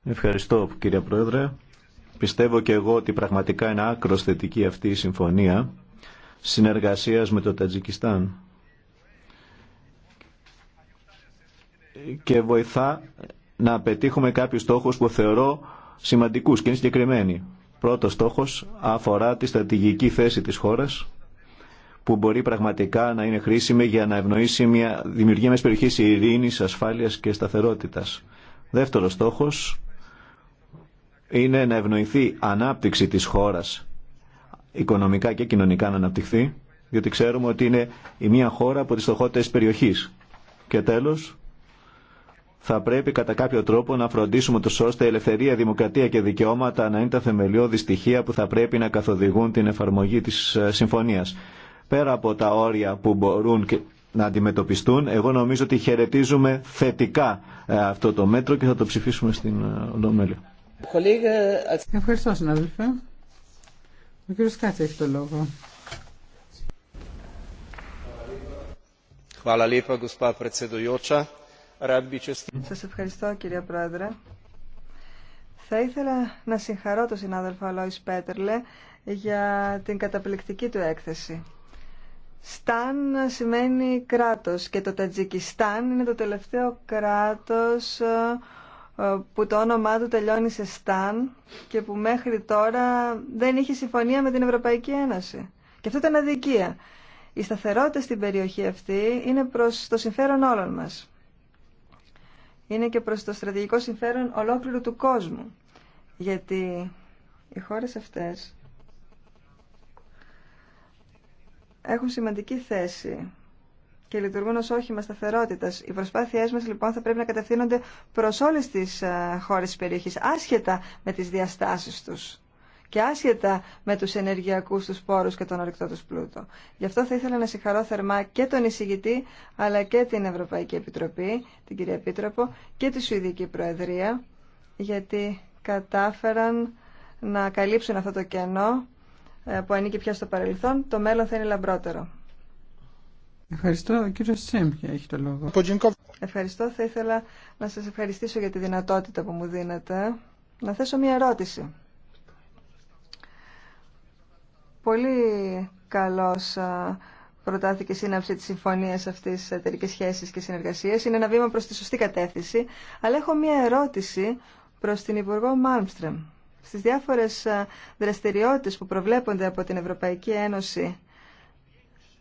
Ευχαριστώ κύριε Πρόεδρε. Πιστεύω και εγώ ότι πραγματικά είναι άκρο θετική αυτή η συμφωνία συνεργασίας με το Τατζικιστάν και βοηθά να πετύχουμε κάποιους στόχους που θεωρώ σημαντικούς και είναι συγκεκριμένοι. Πρώτος στόχος αφορά τη στρατηγική θέση της χώρας που μπορεί πραγματικά να είναι χρήσιμη για να ευνοήσει μια δημιουργία μιας περιοχής ειρήνης, ασφάλειας και σταθερότητας. Δεύτερος στόχος είναι να ευνοηθεί ανάπτυξη της χώρας οικονομικά και κοινωνικά να αναπτυχθεί, διότι ξέρουμε ότι είναι η μία χώρα από τις στοχότητες περιοχής. Και τέλος, θα πρέπει κατά κάποιο τρόπο να φροντίσουμε τους ώστε ελευθερία, δημοκρατία και δικαιώματα να είναι τα θεμελιώδη στοιχεία που θα πρέπει να καθοδηγούν την εφαρμογή της ε, συμφωνίας. Πέρα από τα όρια που μπορούν να αντιμετωπιστούν, εγώ νομίζω ότι χαιρετίζουμε θετικά ε, αυτό το μέτρο και θα το ψηφίσουμε στην ε, Ολομέλεια. Ευχαριστώ συνάδελφε. Ο κύριος Κάτσε έχει το λόγο. Hvala lepa, gospa predsedujoča. Σας ευχαριστώ κύριε Πρόεδρε. Θα ήθελα να συγχαρώ τον συνάδελφο Αλόης Πέτερλε για την καταπληκτική του έκθεση. Σταν σημαίνει κράτος και το Τατζικιστάν είναι το τελευταίο κράτος ε, που το όνομά του τελειώνει σε Σταν και που μέχρι τώρα δεν είχε συμφωνία με την Ευρωπαϊκή Ένωση. Και αυτό ήταν αδικία. Η σταθερότητα στην περιοχή αυτή είναι προς το συμφέρον όλων μας είναι και προς το στρατηγικό συμφέρον ολόκληρου του κόσμου. Γιατί οι χώρες αυτές έχουν σημαντική θέση και λειτουργούν ως όχημα σταθερότητας. Οι προσπάθειές μας λοιπόν θα πρέπει να κατευθύνονται προς όλες τις ε, χώρες της περιοχής, άσχετα με τις διαστάσεις τους και άσχετα με τους ενεργειακούς τους πόρους και τον ορυκτό τους πλούτο. Γι' αυτό θα ήθελα να συγχαρώ θερμά και τον εισηγητή αλλά και την Ευρωπαϊκή Επιτροπή, την κυρία Επίτροπο και τη Σουηδική Προεδρία γιατί κατάφεραν να καλύψουν αυτό το κενό ε, που ανήκει πια στο παρελθόν. Το μέλλον θα είναι λαμπρότερο. Ευχαριστώ. κύριο έχει το λόγο. Ευχαριστώ. Θα ήθελα να σας ευχαριστήσω για τη δυνατότητα που μου δίνετε. Να θέσω μια ερώτηση πολύ καλώς προτάθηκε η σύναψη της συμφωνίας αυτής τη εταιρική σχέση και συνεργασίες. Είναι ένα βήμα προς τη σωστή κατεύθυνση. Αλλά έχω μία ερώτηση προς την Υπουργό Μάλμστρεμ. Στις διάφορες δραστηριότητες που προβλέπονται από την Ευρωπαϊκή Ένωση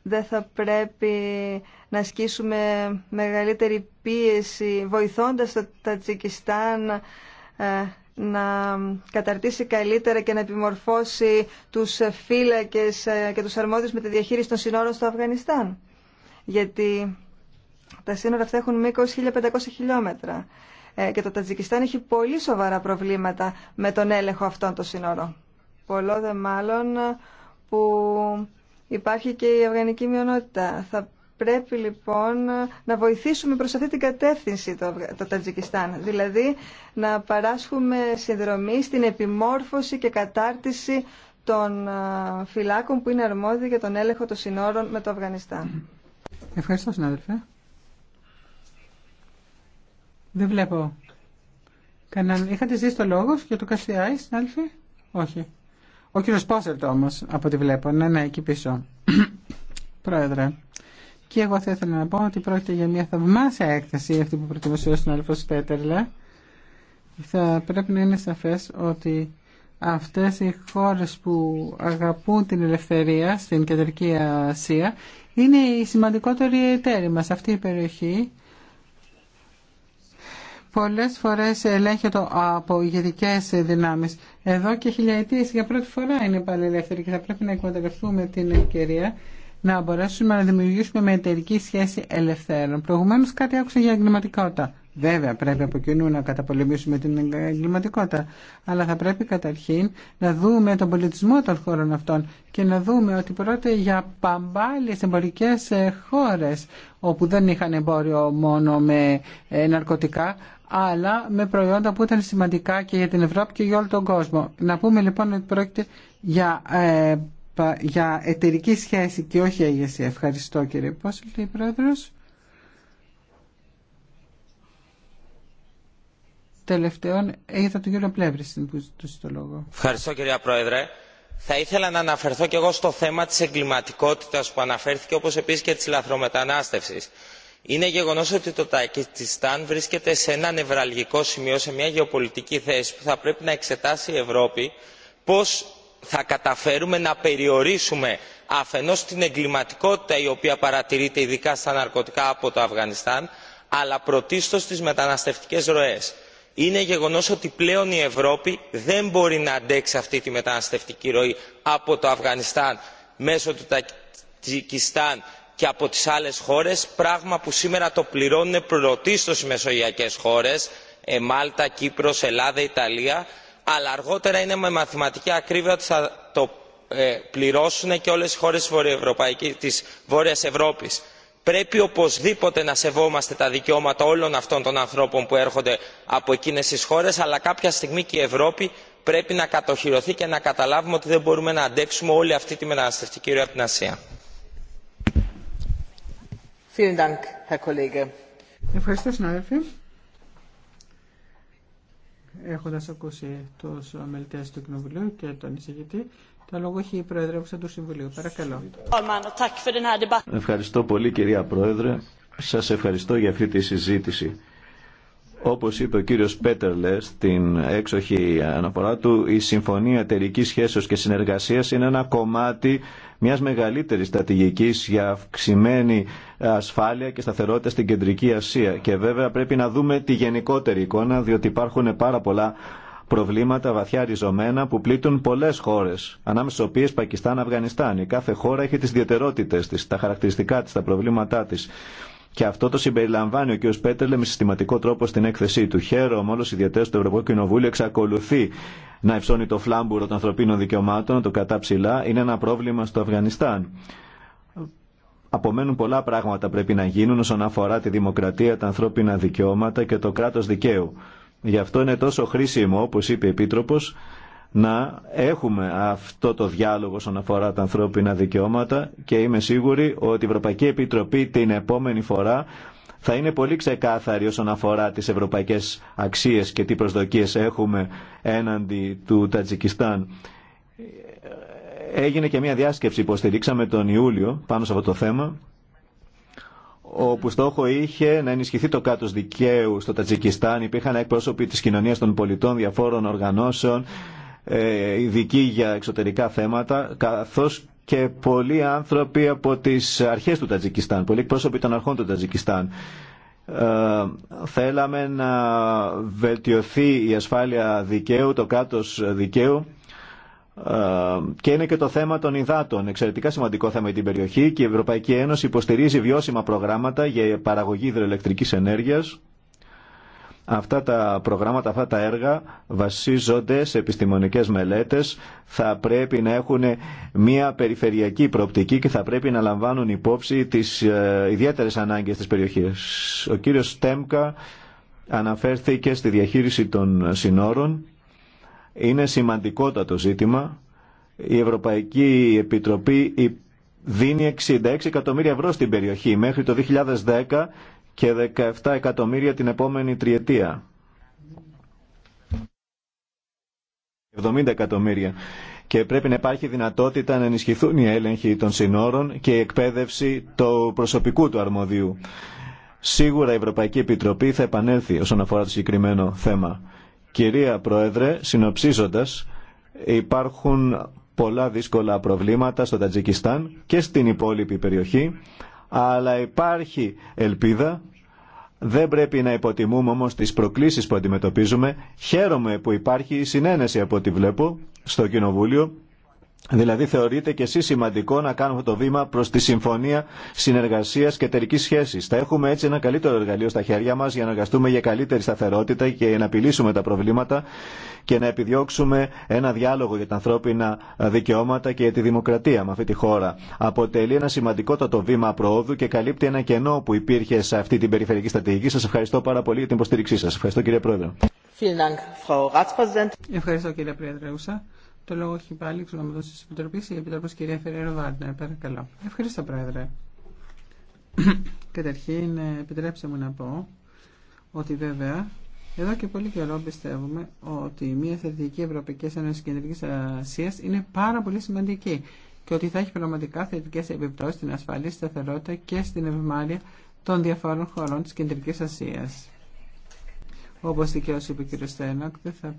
δεν θα πρέπει να ασκήσουμε μεγαλύτερη πίεση βοηθώντας το Τατζικιστάν να καταρτήσει καλύτερα και να επιμορφώσει τους φύλακες ε, και τους αρμόδιους με τη διαχείριση των συνόρων στο Αφγανιστάν. Γιατί τα σύνορα αυτά έχουν μήκος 1500 χιλιόμετρα ε, και το Τατζικιστάν έχει πολύ σοβαρά προβλήματα με τον έλεγχο αυτών των σύνορων. Πολλό δε μάλλον που υπάρχει και η αφγανική μειονότητα. Θα Πρέπει λοιπόν να βοηθήσουμε προς αυτή την κατεύθυνση το, το Τατζικιστάν, δηλαδή να παράσχουμε συνδρομή στην επιμόρφωση και κατάρτιση των φυλάκων που είναι αρμόδιοι για τον έλεγχο των συνόρων με το Αφγανιστάν. Ευχαριστώ συνάδελφε. Δεν βλέπω κανέναν. Είχατε ζήσει το λόγο για το Καστιάι, συνάδελφε. Όχι. Ο κύριο Πάσελτ όμως, από ό,τι βλέπω. Ναι, ναι, εκεί πίσω. Πρόεδρε, και εγώ θα ήθελα να πω ότι πρόκειται για μια θαυμάσια έκθεση αυτή που προτιμούσε ο συνάδελφο Πέτερλε. Θα πρέπει να είναι σαφές ότι αυτές οι χώρες που αγαπούν την ελευθερία στην Κεντρική Ασία είναι η σημαντικότερη εταίροι μας. Αυτή η περιοχή πολλές φορές ελέγχεται από ηγετικέ δυνάμεις. Εδώ και χιλιαετίες για πρώτη φορά είναι πάλι ελεύθερη και θα πρέπει να εκμεταλλευτούμε την ευκαιρία να μπορέσουμε να δημιουργήσουμε με εταιρική σχέση ελευθέρων. Προηγουμένω κάτι άκουσα για εγκληματικότητα. Βέβαια, πρέπει από κοινού να καταπολεμήσουμε την εγκληματικότητα. Αλλά θα πρέπει καταρχήν να δούμε τον πολιτισμό των χώρων αυτών και να δούμε ότι πρόκειται για παμπάλιε εμπορικέ ε, χώρε, όπου δεν είχαν εμπόριο μόνο με ε, ναρκωτικά, αλλά με προϊόντα που ήταν σημαντικά και για την Ευρώπη και για όλο τον κόσμο. Να πούμε λοιπόν ότι πρόκειται για ε, για εταιρική σχέση και όχι αίγεση. Ευχαριστώ κύριε Πόσελ, πρόεδρος. Τελευταίον, είδα τον κύριο Πλεύρη που ζητούσε το λόγο. Ευχαριστώ κύριε Πρόεδρε. Θα ήθελα να αναφερθώ και εγώ στο θέμα της εγκληματικότητας που αναφέρθηκε όπως επίσης και της λαθρομετανάστευσης. Είναι γεγονό ότι το Τακιστάν βρίσκεται σε ένα νευραλγικό σημείο, σε μια γεωπολιτική θέση που θα πρέπει να εξετάσει η Ευρώπη πώ θα καταφέρουμε να περιορίσουμε αφενός την εγκληματικότητα η οποία παρατηρείται ειδικά στα ναρκωτικά από το αφγανιστάν αλλά πρωτίστως τις μεταναστευτικές ροές. είναι γεγονός ότι πλέον η ευρώπη δεν μπορεί να αντέξει αυτή τη μεταναστευτική ροή από το αφγανιστάν μέσω του τατζικιστάν και από τις άλλες χώρες πράγμα που σήμερα το πληρώνουν πρωτίστως οι μεσογειακές χώρες ε, μάλτα κύπρος ελλάδα ιταλία αλλά αργότερα είναι με μαθηματική ακρίβεια ότι θα το ε, πληρώσουν και όλες οι χώρες της βόρειας ευρώπης. πρέπει οπωσδήποτε να σεβόμαστε τα δικαιώματα όλων αυτών των ανθρώπων που έρχονται από εκείνες τις χώρες αλλά κάποια στιγμή και η ευρώπη πρέπει να κατοχυρωθεί και να καταλάβουμε ότι δεν μπορούμε να αντέξουμε όλη αυτή τη μεταναστευτική ροή από την ασία έχοντας ακούσει τους μελητές του Κοινοβουλίου και τον εισηγητή, το λόγο έχει η Προεδρεύουσα του Συμβουλίου. Παρακαλώ. Ευχαριστώ πολύ κυρία Πρόεδρε. Σας ευχαριστώ για αυτή τη συζήτηση. Όπως είπε ο κύριος Πέτερλε στην έξοχη αναφορά του, η Συμφωνία Εταιρικής Σχέσεως και Συνεργασίας είναι ένα κομμάτι μιας μεγαλύτερης στρατηγική για αυξημένη ασφάλεια και σταθερότητα στην Κεντρική Ασία. Και βέβαια πρέπει να δούμε τη γενικότερη εικόνα, διότι υπάρχουν πάρα πολλά προβλήματα βαθιά ριζωμένα που πλήττουν πολλές χώρες, ανάμεσα στι οποίε Πακιστάν, Αφγανιστάν. Η κάθε χώρα έχει τις ιδιαιτερότητες τη, τα χαρακτηριστικά τη, τα προβλήματά τη. Και αυτό το συμπεριλαμβάνει ο κ. Πέτερλε με συστηματικό τρόπο στην έκθεσή του. Χαίρομαι όλο ιδιαίτερα στο Ευρωπαϊκό Κοινοβούλιο εξακολουθεί να υψώνει το φλάμπουρο των ανθρωπίνων δικαιωμάτων, το κατά Είναι ένα πρόβλημα στο Αφγανιστάν. Απομένουν πολλά πράγματα πρέπει να γίνουν όσον αφορά τη δημοκρατία, τα ανθρώπινα δικαιώματα και το κράτο δικαίου. Γι' αυτό είναι τόσο χρήσιμο, όπω είπε η Επίτροπο, να έχουμε αυτό το διάλογο όσον αφορά τα ανθρώπινα δικαιώματα και είμαι σίγουρη ότι η Ευρωπαϊκή Επιτροπή την επόμενη φορά θα είναι πολύ ξεκάθαρη όσον αφορά τις ευρωπαϊκές αξίες και τι προσδοκίες έχουμε έναντι του Τατζικιστάν. Έγινε και μια διάσκεψη που στηρίξαμε τον Ιούλιο πάνω σε αυτό το θέμα όπου στόχο είχε να ενισχυθεί το κάτω δικαίου στο Τατζικιστάν. Υπήρχαν εκπρόσωποι της κοινωνία των πολιτών, διαφόρων οργανώσεων, ε, ειδικοί για εξωτερικά θέματα, καθώς και πολλοί άνθρωποι από τις αρχές του Τατζικιστάν, πολλοί πρόσωποι των αρχών του Τατζικιστάν. Ε, θέλαμε να βελτιωθεί η ασφάλεια δικαίου, το κράτος δικαίου ε, και είναι και το θέμα των υδάτων. Εξαιρετικά σημαντικό θέμα για την περιοχή και η Ευρωπαϊκή Ένωση υποστηρίζει βιώσιμα προγράμματα για παραγωγή υδροελεκτρική ενέργεια. Αυτά τα προγράμματα, αυτά τα έργα βασίζονται σε επιστημονικές μελέτες, θα πρέπει να έχουν μια περιφερειακή προοπτική και θα πρέπει να λαμβάνουν υπόψη τις ε, ιδιαίτερες ανάγκες της περιοχής. Ο κύριος Στέμκα αναφέρθηκε στη διαχείριση των συνόρων. Είναι σημαντικότατο ζήτημα. Η Ευρωπαϊκή Επιτροπή δίνει 66 εκατομμύρια ευρώ στην περιοχή μέχρι το 2010 και 17 εκατομμύρια την επόμενη τριετία. 70 εκατομμύρια. Και πρέπει να υπάρχει δυνατότητα να ενισχυθούν οι έλεγχοι των συνόρων και η εκπαίδευση του προσωπικού του αρμοδίου. Σίγουρα η Ευρωπαϊκή Επιτροπή θα επανέλθει όσον αφορά το συγκεκριμένο θέμα. Κυρία Πρόεδρε, συνοψίζοντας, υπάρχουν πολλά δύσκολα προβλήματα στο Τατζικιστάν και στην υπόλοιπη περιοχή αλλά υπάρχει ελπίδα. Δεν πρέπει να υποτιμούμε όμως τις προκλήσεις που αντιμετωπίζουμε. Χαίρομαι που υπάρχει συνένεση από ό,τι βλέπω στο Κοινοβούλιο Δηλαδή θεωρείτε και εσείς σημαντικό να κάνουμε το βήμα προς τη Συμφωνία Συνεργασίας και εταιρική Σχέσης. Θα έχουμε έτσι ένα καλύτερο εργαλείο στα χέρια μας για να εργαστούμε για καλύτερη σταθερότητα και να επιλύσουμε τα προβλήματα και να επιδιώξουμε ένα διάλογο για τα ανθρώπινα δικαιώματα και για τη δημοκρατία με αυτή τη χώρα. Αποτελεί ένα σημαντικότατο βήμα προόδου και καλύπτει ένα κενό που υπήρχε σε αυτή την περιφερειακή στρατηγική. Σας ευχαριστώ πάρα πολύ για την υποστήριξή σας. Ευχαριστώ κύριε Πρόεδρε. Ευχαριστώ κύριε Πρόεδρε. Το λόγο έχει πάλι εξ ονόματο τη Επιτροπή η Επιτροπή κυρία Φεραίρο Βάρντερ. Παρακαλώ. Ευχαριστώ, Πρόεδρε. Καταρχήν, ε, επιτρέψτε μου να πω ότι βέβαια εδώ και πολύ καιρό πιστεύουμε ότι μια θετική Ευρωπαϊκή Ένωση Κεντρική Ασία είναι πάρα πολύ σημαντική και ότι θα έχει πραγματικά θετικέ επιπτώσει στην ασφαλή, σταθερότητα και στην ευμάρεια των διαφόρων χωρών τη Κεντρική Ασία. Όπω δικαίω είπε ο κ. Στένοκ, δεν θα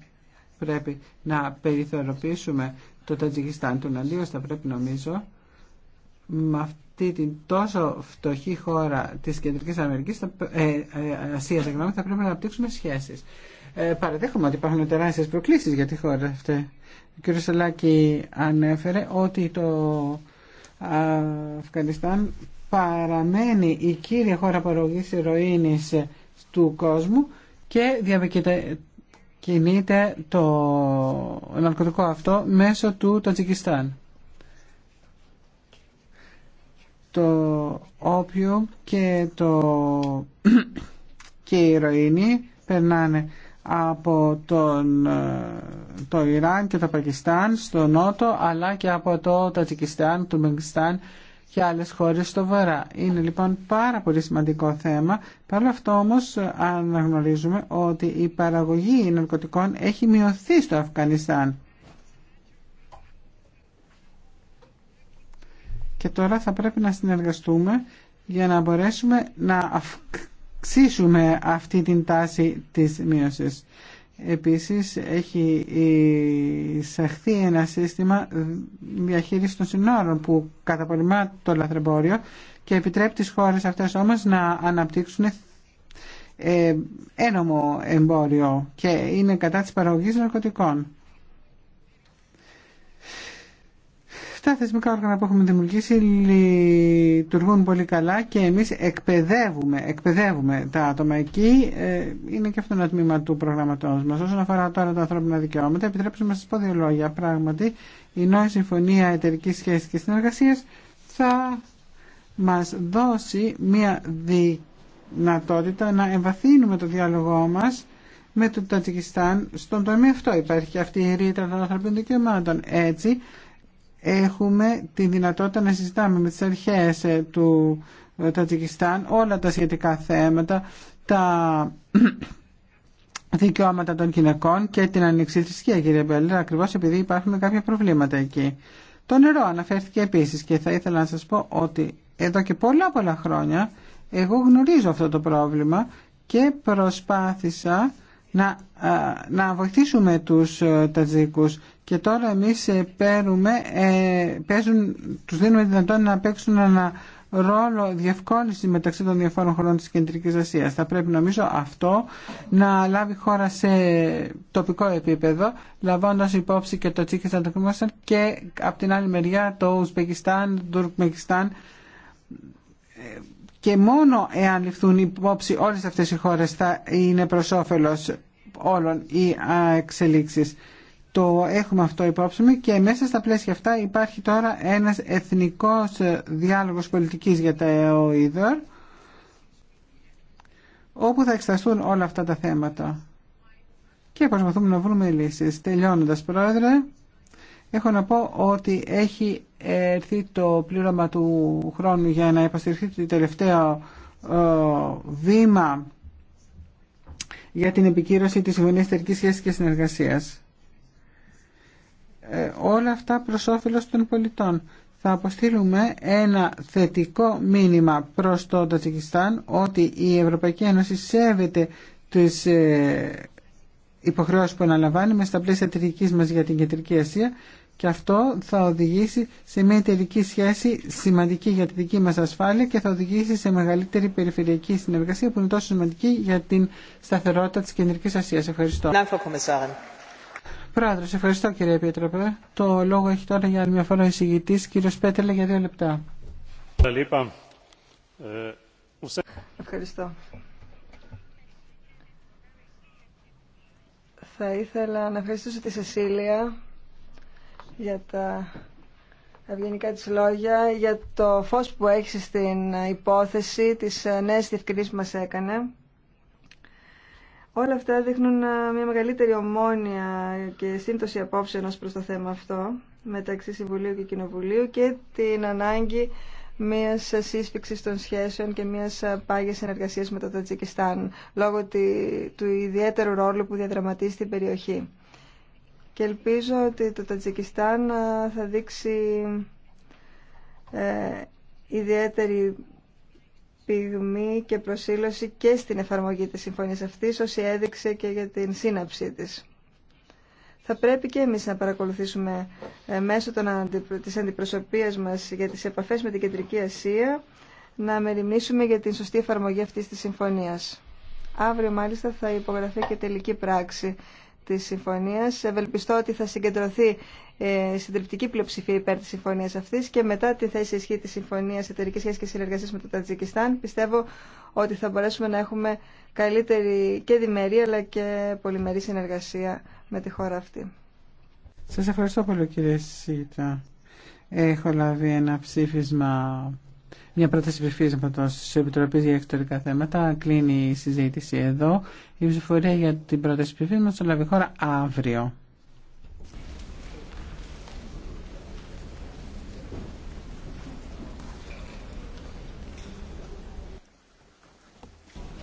πρέπει να περιθωροποιήσουμε το Τατζικιστάν Τον Αντίος θα πρέπει νομίζω με αυτή την τόσο φτωχή χώρα της Κεντρικής Αμερικής, ε, ε, θα πρέπει να αναπτύξουμε σχέσεις. Ε, παραδέχομαι ότι υπάρχουν τεράστιες προκλήσεις για τη χώρα αυτή. Ο κ. Σαλάκη ανέφερε ότι το Αφγανιστάν παραμένει η κύρια χώρα παραγωγής ηρωίνης του κόσμου και κινείται το ναρκωτικό αυτό μέσω του Τατζικιστάν. Το όπιο και, το... και η περνάνε από τον, ε, το Ιράν και το Πακιστάν στο νότο αλλά και από το Τατζικιστάν, το Μεγκιστάν και άλλες χώρες στο Βορρά. Είναι λοιπόν πάρα πολύ σημαντικό θέμα. Παρ' αυτό όμως αναγνωρίζουμε ότι η παραγωγή ναρκωτικών έχει μειωθεί στο Αφγανιστάν. Και τώρα θα πρέπει να συνεργαστούμε για να μπορέσουμε να αυξήσουμε αυτή την τάση της μείωσης. Επίσης έχει εισαχθεί ένα σύστημα διαχείρισης των συνόρων που καταπολεμά το λαθρεμπόριο και επιτρέπει τις χώρες αυτές όμως να αναπτύξουν ε, ένομο εμπόριο και είναι κατά της παραγωγής ναρκωτικών. αυτά τα θεσμικά όργανα που έχουμε δημιουργήσει λειτουργούν πολύ καλά και εμείς εκπαιδεύουμε, εκπαιδεύουμε τα άτομα εκεί. Ε, είναι και αυτό ένα τμήμα του προγραμματός μας. Όσον αφορά τώρα τα ανθρώπινα δικαιώματα, επιτρέψτε να σα πω δύο λόγια. Πράγματι, η νόη συμφωνία εταιρικής σχέση και συνεργασία θα μας δώσει μια δυνατότητα να εμβαθύνουμε το διάλογό μας με το Τατζικιστάν στον τομέα αυτό. Υπάρχει αυτή η ρήτρα των ανθρωπίνων δικαιωμάτων. Έτσι έχουμε τη δυνατότητα να συζητάμε με τις αρχές ε, του Τατζικιστάν όλα τα σχετικά θέματα, τα δικαιώματα των γυναικών και την θρησκεία, κύριε Μπέλλερ, ακριβώς επειδή υπάρχουν κάποια προβλήματα εκεί. Το νερό αναφέρθηκε επίσης και θα ήθελα να σας πω ότι εδώ και πολλά πολλά χρόνια εγώ γνωρίζω αυτό το πρόβλημα και προσπάθησα να, να βοηθήσουμε τους ε, Τατζίκους και τώρα εμείς ε, παίρνουμε, ε, παίζουν, τους δίνουμε δυνατόν να παίξουν ένα ρόλο διευκόλυνση μεταξύ των διαφόρων χωρών της Κεντρικής Ασίας. Θα πρέπει νομίζω αυτό να λάβει χώρα σε τοπικό επίπεδο, λαμβάνοντας υπόψη και το Τσίχης το και από την άλλη μεριά το Ουσπεκιστάν, το Τουρκμεκιστάν και μόνο εάν ληφθούν υπόψη όλες αυτές οι χώρες θα είναι προς όφελος όλων οι εξελίξεις το έχουμε αυτό υπόψη μου και μέσα στα πλαίσια αυτά υπάρχει τώρα ένας εθνικός ε, διάλογος πολιτικής για τα ΕΟΙΔΟΡ όπου θα εξεταστούν όλα αυτά τα θέματα. Και προσπαθούμε να βρούμε λύσεις. Τελειώνοντας, Πρόεδρε, έχω να πω ότι έχει έρθει το πλήρωμα του χρόνου για να υποστηριχθεί το τελευταίο ε, βήμα για την επικύρωση της Συμφωνίας Τερικής και Συνεργασίας. Ε, όλα αυτά προς όφελος των πολιτών. Θα αποστείλουμε ένα θετικό μήνυμα προς το Τατζικιστάν ότι η Ευρωπαϊκή Ένωση σέβεται τις ε, υποχρεώσεις που αναλαμβάνουμε στα πλαίσια δικής μας για την Κεντρική Ασία και αυτό θα οδηγήσει σε μια εταιρική σχέση σημαντική για τη δική μας ασφάλεια και θα οδηγήσει σε μεγαλύτερη περιφερειακή συνεργασία που είναι τόσο σημαντική για την σταθερότητα της Κεντρικής Ασίας. Ευχαριστώ. Πρόεδρο, ευχαριστώ κύριε Επίτροπε. Το λόγο έχει τώρα για μια φορά ο εισηγητή, κύριο Πέτελε, για δύο λεπτά. Ευχαριστώ. Θα ήθελα να ευχαριστήσω τη Σεσίλια για τα ευγενικά της λόγια, για το φως που έχει στην υπόθεση, της νέες διευκρινήσεις που μας έκανε. Όλα αυτά δείχνουν ε, μια μεγαλύτερη ομόνοια και σύντοση απόψεων προ προς το θέμα αυτό μεταξύ Συμβουλίου και Κοινοβουλίου και την ανάγκη μιας σύσφυξης των σχέσεων και μιας ε, πάγιας συνεργασία με το Τατζικιστάν λόγω του ιδιαίτερου ρόλου που διαδραματίζει στην περιοχή. Και ελπίζω ότι το Τατζικιστάν ε, θα δείξει ιδιαίτερη πυγμή και προσήλωση και στην εφαρμογή της συμφωνίας αυτής, όσοι έδειξε και για την σύναψή της. Θα πρέπει και εμείς να παρακολουθήσουμε ε, μέσω των αντιπρο... της αντιπροσωπείας μας για τις επαφές με την Κεντρική Ασία να μεριμνήσουμε για την σωστή εφαρμογή αυτής της συμφωνίας. Αύριο μάλιστα θα υπογραφεί και τελική πράξη της συμφωνίας. Ευελπιστώ ότι θα συγκεντρωθεί ε, συντριπτική πλειοψηφία υπέρ της συμφωνίας αυτής και μετά τη θέση ισχύ της συμφωνίας εταιρικής σχέσης και συνεργασίας με το Τατζικιστάν πιστεύω ότι θα μπορέσουμε να έχουμε καλύτερη και διμερή αλλά και πολυμερή συνεργασία με τη χώρα αυτή. Σας ευχαριστώ πολύ κύριε Σίτα. Έχω λάβει ένα ψήφισμα μια πρόταση ψηφίσματο σε Επιτροπή για Εξωτερικά Θέματα. Κλείνει η συζήτηση εδώ. Η ψηφορία για την πρόταση ψηφίσματο θα λάβει χώρα αύριο.